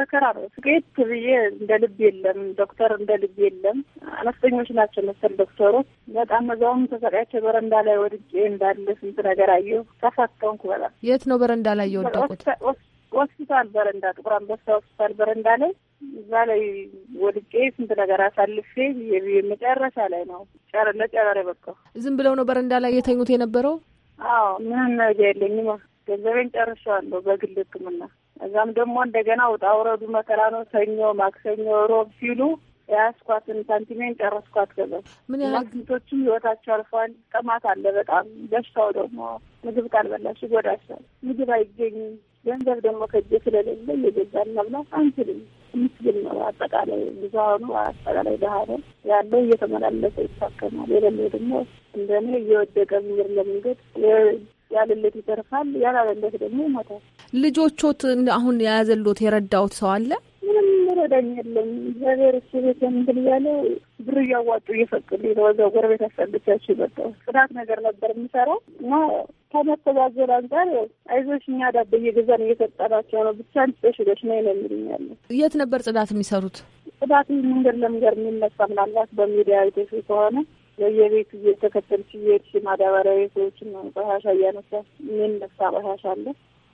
መከራ ነው። ስቄት ብዬ እንደ ልብ የለም ዶክተር እንደ ልብ የለም። አነስተኞች ናቸው መሰል ዶክተሮች። በጣም መዛውም ተሰቃያቸው። በረንዳ ላይ ወድቄ እንዳለ ስንት ነገር አየሁ። ተፈተንኩ። በጣም የት ነው በረንዳ ላይ የወደቁት? ሆስፒታል በረንዳ ጥቁር አንበሳ ሆስፒታል በረንዳ ላይ እዛ ላይ ወድቄ ስንት ነገር አሳልፌ የመጨረሻ ላይ ነው ጨረ ለጨረር የበቃው። ዝም ብለው ነው በረንዳ ላይ የተኙት የነበረው? አዎ ምንም ነገ የለኝም። ገንዘቤን ጨርሻለሁ በግል ሕክምና። እዛም ደግሞ እንደገና ውጣ ውረዱ መከራ ነው። ሰኞ፣ ማክሰኞ፣ ሮብ ሲሉ የያዝኳትን ሳንቲሜን ጨረስኳት። ገዛ ምን ያህል ግቶችም ህይወታቸው አልፏል። ጥማት አለ በጣም በሽታው ደግሞ ምግብ ካልበላሽ ይጎዳሻል። ምግብ አይገኝም። ገንዘብ ደግሞ ከእጄ ስለሌለ እየገዛን መብላት አንችልም። ምስግን ነው። አጠቃላይ ብዙሀኑ አጠቃላይ ባህረ ያለው እየተመላለሰ ይታከማል። የሌለው ደግሞ እንደኔ እየወደቀ ምር ለመንገድ ያለለት ይተርፋል፣ ያላለለት ደግሞ ይሞታል። ልጆቾት አሁን የያዘሎት የረዳውት ሰው አለ የሚረዳኝ የለም። እግዚአብሔር እሱ ቤት ምንድን እያለ ብር እያዋጡ እየፈቅዱ የተወዛ ጎረቤት አስጠግቻቸው ይመጣል። ቅዳት ነገር ነበር የምሰራው እና ከመተዛዘር አንጻር አይዞሽ እኛ ዳቦ እየገዛን እየሰጠናቸው ነው። ብቻ ንጽሽሎች ነው ነው የሚልኛለ። የት ነበር ጽዳት የሚሰሩት? ጽዳት መንገድ ለመንገድ የሚነሳ ምናልባት በሚዲያ አይተሽ ከሆነ በየቤቱ እየተከተልሽ እየሄድሽ ማዳበሪያ ቤቶችን ቆሻሻ እያነሳ የሚነሳ ቆሻሻ አለ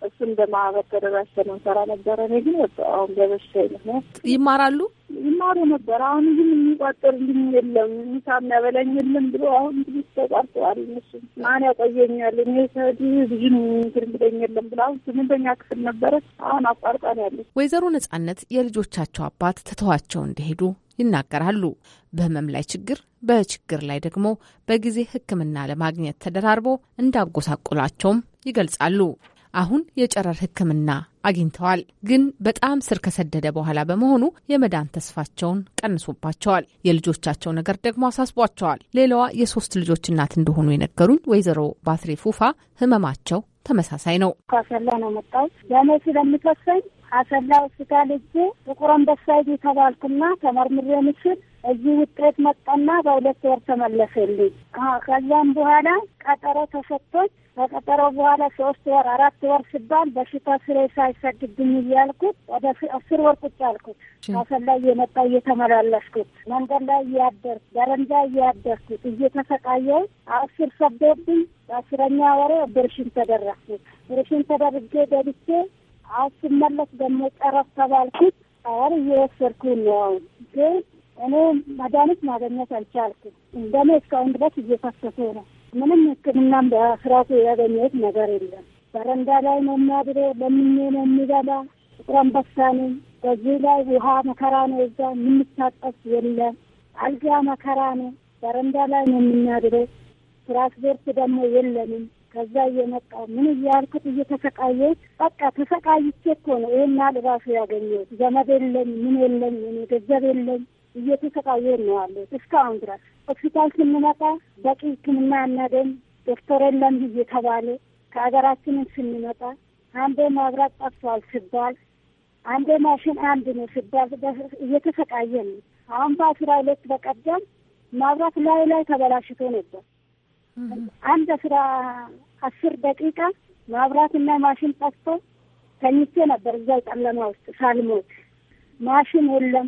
እሱም በማህበር ተደራጅተን ሰራ ነበረ። እኔ ግን ወጣሁ። አሁን በበሽታ ምክንያት ይማራሉ ይማሩ ነበር። አሁን ግን የሚቋጠር ልኝ የለም ምሳ የሚያበላኝ የለም ብሎ አሁን እንግዲህ ተቋርጠዋል። እነሱ ማን ያቆየኛል እኔ ሰድ ብዙም ትርምደኝ የለም ብሎ አሁን ስምንተኛ ክፍል ነበረ አሁን አቋርጣን ያለ ወይዘሮ ነጻነት የልጆቻቸው አባት ትተዋቸው እንደሄዱ ይናገራሉ። በህመም ላይ ችግር፣ በችግር ላይ ደግሞ በጊዜ ሕክምና ለማግኘት ተደራርቦ እንዳጎሳቆላቸውም ይገልጻሉ። አሁን የጨረር ሕክምና አግኝተዋል። ግን በጣም ስር ከሰደደ በኋላ በመሆኑ የመዳን ተስፋቸውን ቀንሶባቸዋል። የልጆቻቸው ነገር ደግሞ አሳስቧቸዋል። ሌላዋ የሶስት ልጆች እናት እንደሆኑ የነገሩኝ ወይዘሮ ባትሪ ፉፋ ህመማቸው ተመሳሳይ ነው። ከሰላ ነው መጣው ለእኔ ስለምተሰኝ አሰላ ሆስፒታል እጅ ጥቁር አንበሳ የተባልኩና ተመርምሬ ምስል እዚህ ውጤት መጣና በሁለት ወር ተመለሰልኝ። ከዛም በኋላ ቀጠሮ ተሰጥቶች ከቀጠረው በኋላ ሶስት ወር አራት ወር ሲባል በሽታ ስሬ ሳይሰግድኝ እያልኩት ወደ አስር ወር ቁጭ አልኩት። ካሰን ላይ እየመጣ እየተመላለስኩት መንገድ ላይ እያደርኩ ደረንዳ እያደርኩት እየተሰቃየው አስር ሰብዶብኝ በአስረኛ ወሬ ብርሽን ተደረግኩት። ብርሽን ተደርጌ ገብቼ አስመለስ ደግሞ ጨረስ ተባልኩት። አሁን እየወሰድኩ ነው ግን እኔ መድኃኒት ማገኘት አልቻልኩም። እንደኔ እስካሁን ድረስ እየፈሰሱ ነው ምንም ሕክምናም በስራቱ ያገኘት ነገር የለም። በረንዳ ላይ ነው የሚያድረው። ነው የሚበላ። ጥቁር አንበሳ ነኝ። በዚህ ላይ ውሃ መከራ ነው። እዛ የምታጠፍ የለም። አልጋ መከራ ነው። በረንዳ ላይ ነው የምናድረው። ትራንስፖርት ደግሞ የለንም። ከዛ እየመጣ ምን እያልኩት እየተሰቃየ በቃ ተሰቃይቼ እኮ ነው ይህና ልባሱ ያገኘሁት። ዘመድ የለኝ፣ ምን የለኝ፣ ገንዘብ የለኝ እየተሰቃየን ነው ያለሁት እስካሁን ድረስ። ሆስፒታል ስንመጣ በቂ ሕክምና አናገኝ ዶክተር የለም እየተባለ ከሀገራችንን ስንመጣ አንዴ መብራት ጠፍቷል ሲባል አንዴ ማሽን አንድ ነው ሲባል እየተሰቃየ ነው። አሁን በአስራ ሁለት በቀደም መብራት ላይ ላይ ተበላሽቶ ነበር። አንድ አስራ አስር ደቂቃ መብራትና ማሽን ጠፍቶ ተኝቼ ነበር እዛ ጨለማ ውስጥ ሳልሞት ማሽን የለም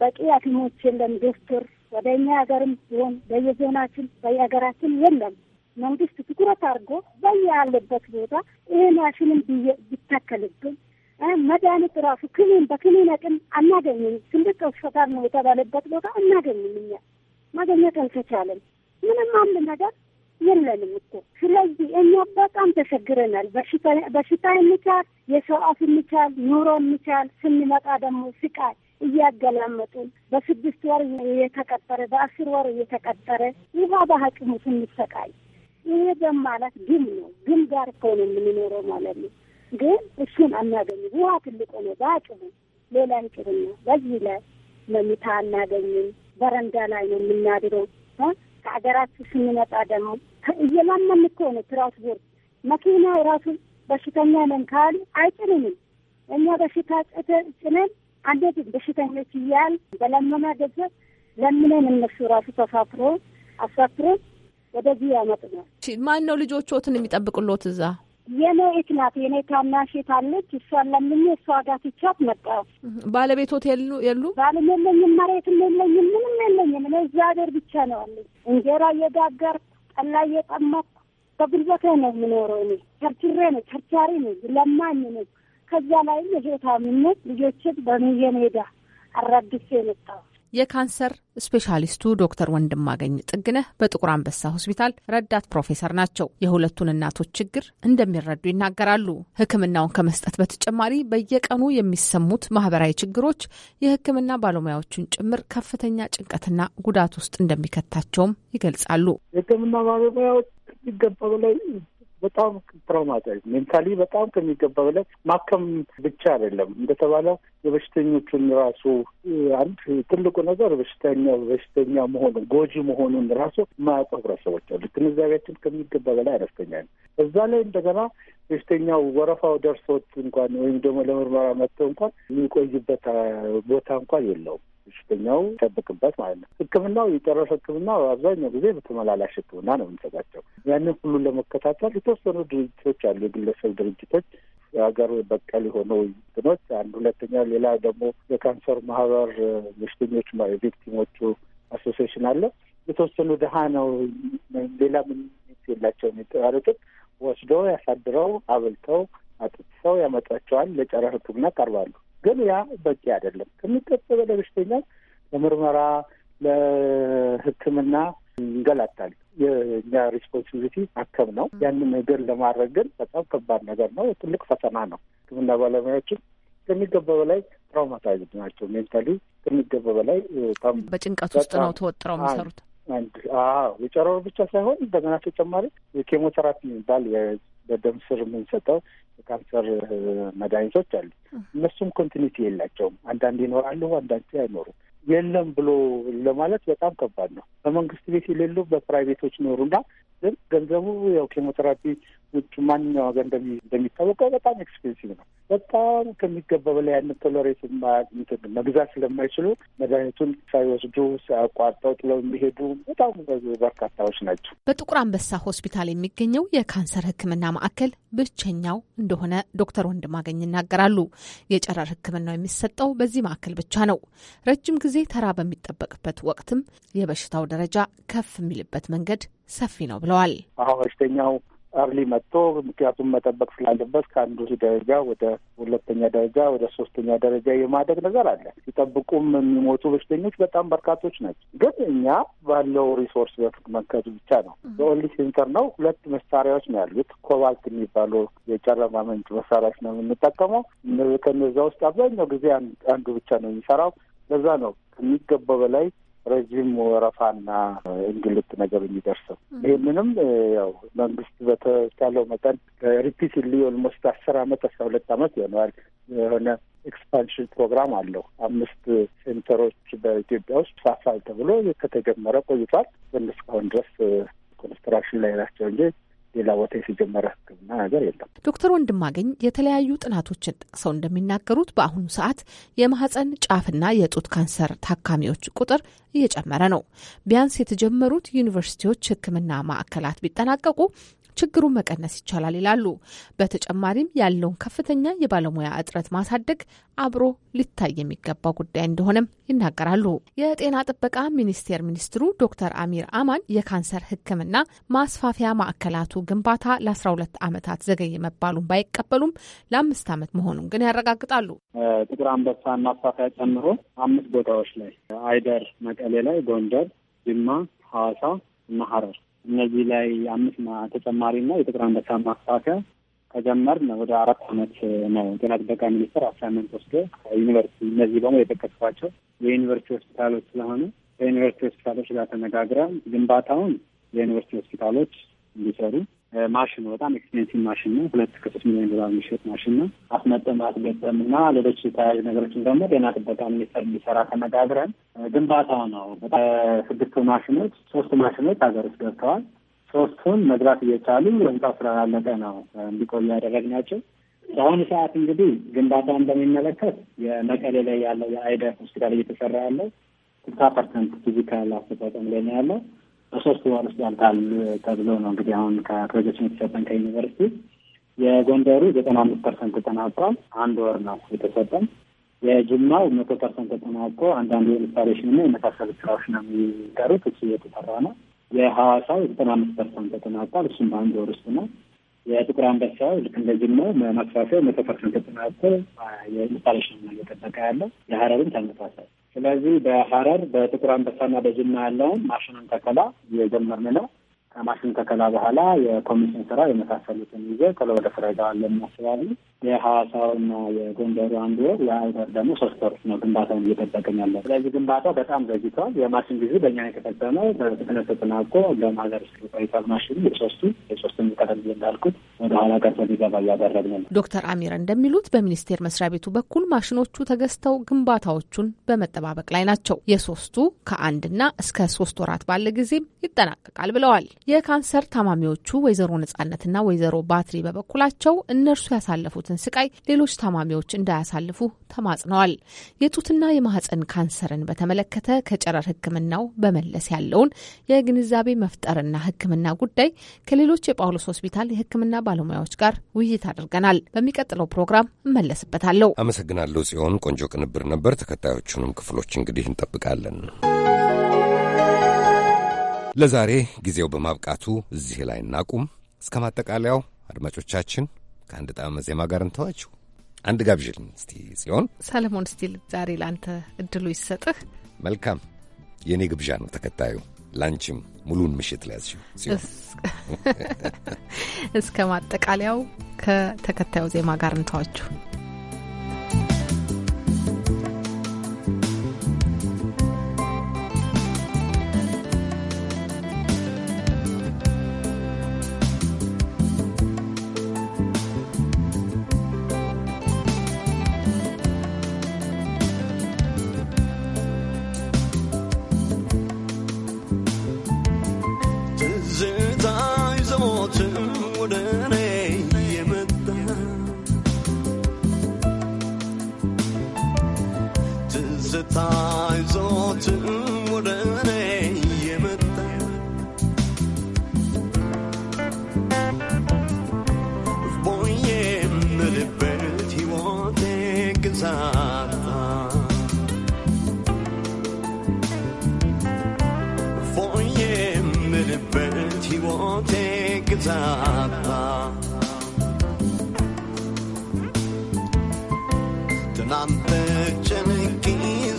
በቂ ሐኪሞች የለም። ዶክተር ወደ እኛ ሀገርም ቢሆን በየዞናችን በየሀገራችን የለም። መንግስት ትኩረት አድርጎ በየ ያለበት ቦታ ይሄ ማሽንም ቢተከልብን መድኃኒት ራሱ ክኒን በክኒን አቅም አናገኝም። ትልቅ ሆስፒታል ነው የተባለበት ቦታ አናገኝም። እኛ ማገኘት አልተቻለም። ምንም አንድ ነገር የለንም እኮ። ስለዚህ እኛ በጣም ተቸግረናል። በሽታ የሚቻል የሰው አፍ የሚቻል ኑሮ የሚቻል ስንመጣ ደግሞ ስቃይ እያገላመጡ በስድስት ወር እየተቀጠረ በአስር ወር እየተቀጠረ ውሃ በሀቅሙ ስንሰቃይ ይህ ደም ማለት ግም ነው። ግም ጋር እኮ ነው የምንኖረው ማለት ነው። ግን እሱን አናገኝም። ውሃ ትልቅ ነው። በአቅሙ ሌላ ይቅርና በዚህ ላይ መኝታ አናገኝም። በረንዳ ላይ ነው የምናድረው። ከአገራት ስንመጣ ደግሞ እየለመን እኮ ነው ትራንስፖርት መኪና ራሱ በሽተኛ ነን ካሉ አይጭንንም። እኛ በሽታ ጭነን አንዴት በሽተኞች እያል በለመና ገንዘብ ለምነን እነሱ ራሱ ተፋፍሮ አሳፍሮ ወደዚህ ያመጡናል። ማን ነው ልጆችዎትን የሚጠብቅሎት እዛ? የኔ እህት ናት። የኔ ታናሽ አለች። እሷን ለምን እሷ ጋር ትቻት መጣ። ባለቤቶት የሉ የሉ? ባልም የለኝም፣ መሬትም የለኝም፣ ምንም የለኝም። እኔ እዛ ሀገር ብቻ ነው አለኝ። እንጀራ እየጋገርኩ ጠላ እየጠማኩ በጉልበቴ ነው የምኖረው። እኔ ቸርችሬ ነው ቸርቻሪ ነው ለማኝ ነው ከዚያ ላይም የህይወት አምነት ልጆችን በሚየሜዳ አራግፌ የመጣው የካንሰር ስፔሻሊስቱ ዶክተር ወንድማገኝ ጥግነህ በጥቁር አንበሳ ሆስፒታል ረዳት ፕሮፌሰር ናቸው። የሁለቱን እናቶች ችግር እንደሚረዱ ይናገራሉ። ሕክምናውን ከመስጠት በተጨማሪ በየቀኑ የሚሰሙት ማህበራዊ ችግሮች የሕክምና ባለሙያዎቹን ጭምር ከፍተኛ ጭንቀትና ጉዳት ውስጥ እንደሚከታቸውም ይገልጻሉ። የሕክምና ባለሙያዎች ይገባ በላይ በጣም ትራውማታይዝ ሜንታሊ በጣም ከሚገባ በላይ ማከም ብቻ አይደለም እንደተባለው የበሽተኞቹን ራሱ አንድ ትልቁ ነገር በሽተኛ በሽተኛ መሆኑ ጎጂ መሆኑን ራሱ ማያውቁ ህብረተሰቦች አሉ። ግንዛቤያችን ከሚገባ በላይ አነስተኛ ነው። እዛ ላይ እንደገና በሽተኛው ወረፋው ደርሶት እንኳን ወይም ደግሞ ለምርመራ መጥተው እንኳን የሚቆይበት ቦታ እንኳን የለውም። በሽተኛው ይጠብቅበት ማለት ነው። ህክምናው የጨረሰ ህክምና አብዛኛው ጊዜ በተመላላሽ ህክምና ነው የምንሰጣቸው። ያንን ሁሉን ለመከታተል የተወሰኑ ድርጅቶች አሉ፣ የግለሰብ ድርጅቶች የሀገር በቀል የሆኑ ትኖች አንድ ሁለተኛ፣ ሌላ ደግሞ የካንሰር ማህበር በሽተኞች ቪክቲሞቹ አሶሲዬሽን አለ። የተወሰኑ ድሀ ነው፣ ሌላ ምን የላቸውም የተባሉትን ወስዶ ያሳድረው አብልተው አጥጥሰው ያመጣቸዋል። ለጨረር ህክምና ቀርባሉ። ግን ያ በቂ አይደለም። ከሚቀጥበ በሽተኛ ለምርመራ ለሕክምና እንገላታል። የእኛ ሪስፖንሲቢሊቲ አከም ነው። ያንን ነገር ለማድረግ ግን በጣም ከባድ ነገር ነው። ትልቅ ፈተና ነው። ሕክምና ባለሙያዎችም ከሚገባ በላይ ትራውማታይዝድ ናቸው። ሜንታሊ ከሚገባ በላይ በጭንቀት ውስጥ ነው ተወጥረው የሚሰሩት። የጨረሩ ብቻ ሳይሆን እንደገና ተጨማሪ የኬሞቴራፒ የሚባል በደም ስር የምንሰጠው ካንሰር መድኃኒቶች አሉ። እነሱም ኮንቲኒቲ የላቸውም። አንዳንድ ይኖራሉ፣ አንዳንድ አይኖሩም። የለም ብሎ ለማለት በጣም ከባድ ነው። በመንግስት ቤት የሌሉ በፕራይቬቶች ኖሩና ግን ገንዘቡ ያው ኬሞቴራፒ ውጭ ማንኛው ሀገር እንደሚታወቀው በጣም ኤክስፔንሲቭ ነው። በጣም ከሚገባ በላይ ያንን ቶሎሬት መግዛት ስለማይችሉ መድኃኒቱን ሳይወስዱ ሳያቋርጠው ጥለው የሚሄዱ በጣም በርካታዎች ናቸው። በጥቁር አንበሳ ሆስፒታል የሚገኘው የካንሰር ሕክምና ማዕከል ብቸኛው እንደሆነ ዶክተር ወንድማገኝ ይናገራሉ። የጨረር ሕክምናው የሚሰጠው በዚህ ማዕከል ብቻ ነው። ረጅም ጊዜ ተራ በሚጠበቅበት ወቅትም የበሽታው ደረጃ ከፍ የሚልበት መንገድ ሰፊ ነው ብለዋል። አሁን በሽተኛው አርሊ መጥቶ ምክንያቱም መጠበቅ ስላለበት ከአንዱ ደረጃ ወደ ሁለተኛ ደረጃ ወደ ሶስተኛ ደረጃ የማደግ ነገር አለ። ሲጠብቁም የሚሞቱ በሽተኞች በጣም በርካቶች ናቸው። ግን እኛ ባለው ሪሶርስ በመንከቱ ብቻ ነው። በኦንሊ ሴንተር ነው ሁለት መሳሪያዎች ነው ያሉት። ኮባልት የሚባሉ የጨረማ ምንጭ መሳሪያዎች ነው የምንጠቀመው። ከነዛ ውስጥ አብዛኛው ጊዜ አንዱ ብቻ ነው የሚሰራው። ለዛ ነው ከሚገባው በላይ ረዥም ወረፋና እንግልት ነገር የሚደርሰው። ይህንንም ያው መንግስት በተቻለው መጠን ሪፒትሊ ኦልሞስት አስር አመት አስራ ሁለት አመት ይሆነዋል የሆነ ኤክስፓንሽን ፕሮግራም አለው። አምስት ሴንተሮች በኢትዮጵያ ውስጥ ሳፋል ተብሎ ከተጀመረ ቆይቷል። ግን እስካሁን ድረስ ኮንስትራክሽን ላይ ናቸው እንጂ ሌላ ቦታ የተጀመረ ሕክምና ነገር የለም። ዶክተር ወንድማገኝ የተለያዩ ጥናቶችን ጠቅሰው እንደሚናገሩት በአሁኑ ሰዓት የማህፀን ጫፍና የጡት ካንሰር ታካሚዎች ቁጥር እየጨመረ ነው። ቢያንስ የተጀመሩት ዩኒቨርሲቲዎች ሕክምና ማዕከላት ቢጠናቀቁ ችግሩን መቀነስ ይቻላል ይላሉ። በተጨማሪም ያለውን ከፍተኛ የባለሙያ እጥረት ማሳደግ አብሮ ሊታይ የሚገባው ጉዳይ እንደሆነም ይናገራሉ። የጤና ጥበቃ ሚኒስቴር ሚኒስትሩ ዶክተር አሚር አማን የካንሰር ሕክምና ማስፋፊያ ማዕከላቱ ግንባታ ለ12 ዓመታት ዘገየ መባሉን ባይቀበሉም ለአምስት ዓመት መሆኑን ግን ያረጋግጣሉ። ጥቁር አንበሳን ማስፋፊያ ጨምሮ አምስት ቦታዎች ላይ አይደር መቀሌ ላይ፣ ጎንደር፣ ጅማ፣ ሐዋሳ እና ሐረር እነዚህ ላይ አምስት ተጨማሪ ተጨማሪና የጥቁር አንበሳ ማስፋፊያ ከጀመርን ወደ አራት አመት ነው። ጤና ጥበቃ ሚኒስቴር አሳይመንት ወስዶ ዩኒቨርሲቲ እነዚህ ደግሞ የጠቀስኳቸው የዩኒቨርሲቲ ሆስፒታሎች ስለሆነ ከዩኒቨርሲቲ ሆስፒታሎች ጋር ተነጋግረን ግንባታውን የዩኒቨርሲቲ ሆስፒታሎች እንዲሰሩ ማሽን በጣም ኤክስፔንሲቭ ማሽን ነው። ሁለት ከሶስት ሚሊዮን ዶላር የሚሸጥ ማሽን ነው። አስመጠም አስገጠም እና ሌሎች የተያያዥ ነገሮችን ደግሞ ጤና ጥበቃ ሚኒስቴር እንዲሰራ ተነጋግረን ግንባታው ነው። ስድስቱ ማሽኖች ሶስቱ ማሽኖች ሀገር ውስጥ ገብተዋል። ሶስቱን መግባት እየቻሉ ህንጻው ስላላለቀ ነው እንዲቆዩ ያደረግናቸው። በአሁኑ ሰዓት እንግዲህ ግንባታውን በሚመለከት የመቀሌ ላይ ያለው የአይደር ሆስፒታል እየተሰራ ያለው ስልሳ ፐርሰንት ፊዚካል አስተጣጠም ላይ ነው ያለው በሶስት ወር ውስጥ ያልቃል ተብሎ ነው እንግዲህ አሁን ከፕሮጀክሽን የተሰጠን ከዩኒቨርሲቲ የጎንደሩ ዘጠና አምስት ፐርሰንት ተጠናቋል። አንድ ወር ነው የተሰጠን። የጅማው መቶ ፐርሰንት ተጠናቆ አንዳንድ የኢንስታሌሽንና የመሳሰሉት ስራዎች ነው የሚቀሩት። እሱ እየተሰራ ነው። የሐዋሳው ዘጠና አምስት ፐርሰንት ተጠናቋል። እሱም በአንድ ወር ውስጥ ነው። የጥቁር አንበሳው ልክ እንደ ጅማው ማስፋፊያው መቶ ፐርሰንት ተጠናቆ የኢንስታሌሽን ነው እየጠበቀ ያለው። የሀረርም ተመሳሳይ ስለዚህ በሀረር በጥቁር አንበሳና በጅማ ያለውን ማሽኑን ተከላ እየጀመርን ነው። ከማሽን ተከላ በኋላ የኮሚሽን ስራ የመሳሰሉትን ይዘ ከለ ወደ ፍረጋ ለሚያስባሉ የሐዋሳው እና የጎንደሩ አንድ ወር የአይተር ደግሞ ሶስት ወር ነው ግንባታውን እየጠበቅን ያለ። ስለዚህ ግንባታው በጣም ዘግይቷል። የማሽን ጊዜ በእኛ የተፈጸመው በፍጥነት ተጠናቆ ለማዘር ቆይቷል። ማሽኑ የሶስቱ የሶስቱም ቀደም እንዳልኩት ወደኋላ ቀርቶ ሊገባ እያደረግን ነው። ዶክተር አሚር እንደሚሉት በሚኒስቴር መስሪያ ቤቱ በኩል ማሽኖቹ ተገዝተው ግንባታዎቹን በመጠባበቅ ላይ ናቸው። የሶስቱ ከአንድና እስከ ሶስት ወራት ባለ ጊዜም ይጠናቀቃል ብለዋል። የካንሰር ታማሚዎቹ ወይዘሮ ነጻነትና ወይዘሮ ባትሪ በበኩላቸው እነርሱ ያሳለፉትን የሚደርሱትን ስቃይ ሌሎች ታማሚዎች እንዳያሳልፉ ተማጽነዋል። የጡትና የማህፀን ካንሰርን በተመለከተ ከጨረር ሕክምናው በመለስ ያለውን የግንዛቤ መፍጠርና ሕክምና ጉዳይ ከሌሎች የጳውሎስ ሆስፒታል የሕክምና ባለሙያዎች ጋር ውይይት አድርገናል። በሚቀጥለው ፕሮግራም እመለስበታለሁ። አመሰግናለሁ ጽዮን። ቆንጆ ቅንብር ነበር። ተከታዮቹንም ክፍሎች እንግዲህ እንጠብቃለን። ለዛሬ ጊዜው በማብቃቱ እዚህ ላይ እናቁም። እስከ ማጠቃለያው አድማጮቻችን ከአንድ ጣዕመ ዜማ ጋር እንተዋችሁ። አንድ ጋብዥልን እስቲ ሲሆን ሰለሞን ስቲል ዛሬ ለአንተ እድሉ ይሰጥህ። መልካም የእኔ ግብዣ ነው ተከታዩ ላንቺም ሙሉን ምሽት ሊያዝሽው እስከ ማጠቃለያው ከተከታዩ ዜማ ጋር እንተዋችሁ።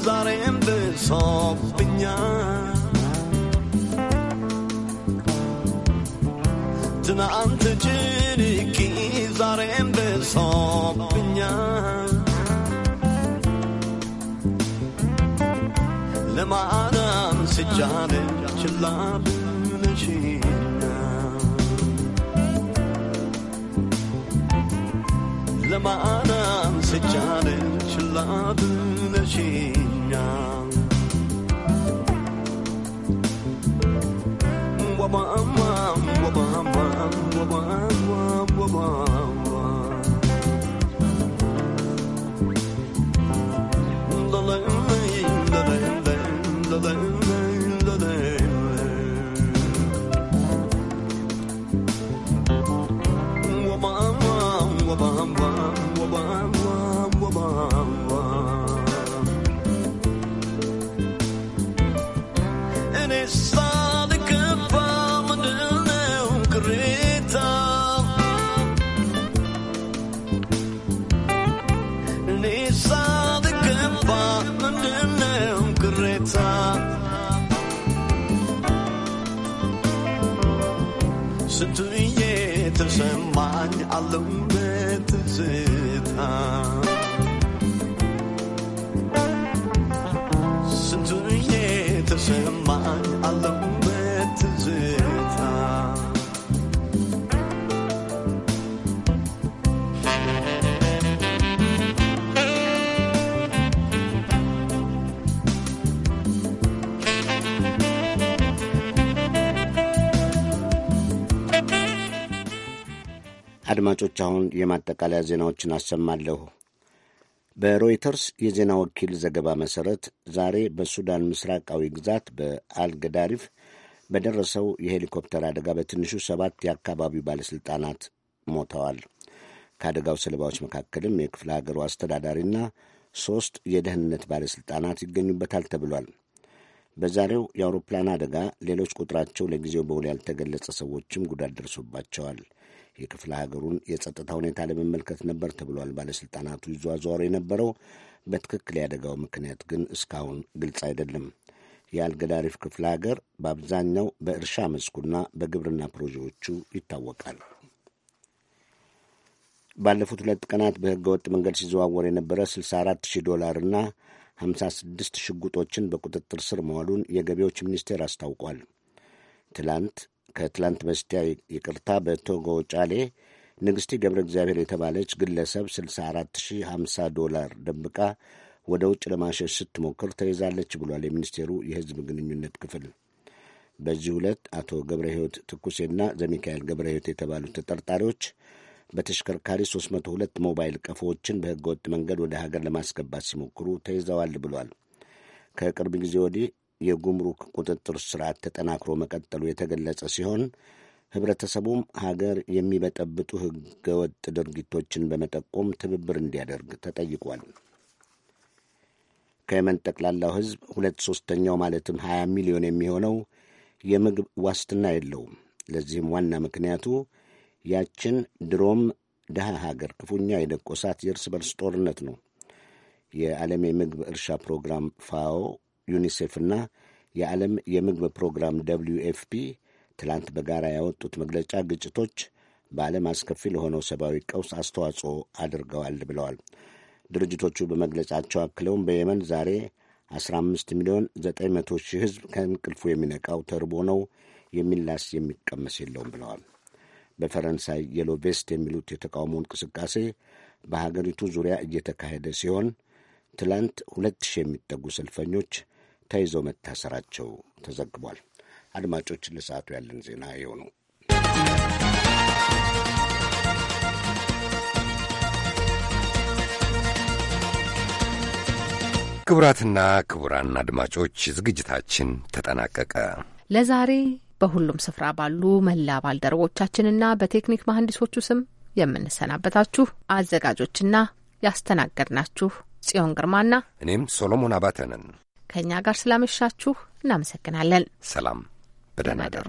ዛሬም ብሶብኛል ትናንት ጭንቂ ዛሬም ብሶብኛል ለማዳም ስጃለ ችላ ብለሽኛ ለማዳም ስጃለ ችላ ብለሽኛ Minang Wabam, ስንቱዬ ተሰማኝ አለው በትዝታ አድማጮች፣ አሁን የማጠቃለያ ዜናዎችን አሰማለሁ። በሮይተርስ የዜና ወኪል ዘገባ መሠረት ዛሬ በሱዳን ምስራቃዊ ግዛት በአልገዳሪፍ በደረሰው የሄሊኮፕተር አደጋ በትንሹ ሰባት የአካባቢው ባለሥልጣናት ሞተዋል። ከአደጋው ሰለባዎች መካከልም የክፍለ ሀገሩ አስተዳዳሪና ሦስት የደህንነት ባለሥልጣናት ይገኙበታል ተብሏል። በዛሬው የአውሮፕላን አደጋ ሌሎች ቁጥራቸው ለጊዜው በውል ያልተገለጸ ሰዎችም ጉዳት ደርሶባቸዋል። የክፍለ ሀገሩን የጸጥታ ሁኔታ ለመመልከት ነበር ተብሏል። ባለሥልጣናቱ ይዟዟሩ የነበረው በትክክል ያደጋው ምክንያት ግን እስካሁን ግልጽ አይደለም። የአልገዳሪፍ ክፍለ ሀገር በአብዛኛው በእርሻ መስኩና በግብርና ፕሮጀዎቹ ይታወቃል። ባለፉት ሁለት ቀናት በሕገ ወጥ መንገድ ሲዘዋወር የነበረ 64 ሺህ ዶላርና 56 ሽጉጦችን በቁጥጥር ስር መዋሉን የገቢዎች ሚኒስቴር አስታውቋል። ትላንት ከትላንት በስቲያ ይቅርታ በቶጎ ጫሌ ንግሥቲ ገብረ እግዚአብሔር የተባለች ግለሰብ 64050 ዶላር ደብቃ ወደ ውጭ ለማሸሽ ስትሞክር ተይዛለች ብሏል የሚኒስቴሩ የሕዝብ ግንኙነት ክፍል። በዚህ ሁለት አቶ ገብረ ሕይወት ትኩሴና ዘሚካኤል ገብረ ሕይወት የተባሉ ተጠርጣሪዎች በተሽከርካሪ 302 ሞባይል ቀፎዎችን በሕገ ወጥ መንገድ ወደ ሀገር ለማስገባት ሲሞክሩ ተይዘዋል ብሏል። ከቅርብ ጊዜ ወዲህ የጉምሩክ ቁጥጥር ስርዓት ተጠናክሮ መቀጠሉ የተገለጸ ሲሆን ህብረተሰቡም ሀገር የሚበጠብጡ ህገወጥ ድርጊቶችን በመጠቆም ትብብር እንዲያደርግ ተጠይቋል። ከየመን ጠቅላላው ህዝብ ሁለት ሦስተኛው ማለትም 20 ሚሊዮን የሚሆነው የምግብ ዋስትና የለውም። ለዚህም ዋና ምክንያቱ ያችን ድሮም ድሃ ሀገር ክፉኛ የደቆሳት የእርስ በርስ ጦርነት ነው። የዓለም የምግብ እርሻ ፕሮግራም ፋኦ ዩኒሴፍና የዓለም የምግብ ፕሮግራም ደብልዩ ኤፍፒ ትላንት በጋራ ያወጡት መግለጫ ግጭቶች በዓለም አስከፊ ለሆነው ሰብአዊ ቀውስ አስተዋጽኦ አድርገዋል ብለዋል። ድርጅቶቹ በመግለጫቸው አክለውም በየመን ዛሬ 15 ሚሊዮን 900 ሺህ ሕዝብ ከእንቅልፉ የሚነቃው ተርቦ ነው፣ የሚላስ የሚቀመስ የለውም ብለዋል። በፈረንሳይ የሎ ቬስት የሚሉት የተቃውሞ እንቅስቃሴ በሀገሪቱ ዙሪያ እየተካሄደ ሲሆን ትላንት ሁለት ሺህ የሚጠጉ ሰልፈኞች ተይዘው መታሰራቸው ተዘግቧል። አድማጮች፣ ለሰዓቱ ያለን ዜና ይኸው ነው። ክቡራትና ክቡራን አድማጮች ዝግጅታችን ተጠናቀቀ ለዛሬ በሁሉም ስፍራ ባሉ መላ ባልደረቦቻችንና በቴክኒክ መሐንዲሶቹ ስም የምንሰናበታችሁ አዘጋጆችና ያስተናገድናችሁ ጽዮን ግርማና እኔም ሶሎሞን አባተ ነን። ከእኛ ጋር ስላመሻችሁ እናመሰግናለን። ሰላም፣ በደህና ደሩ።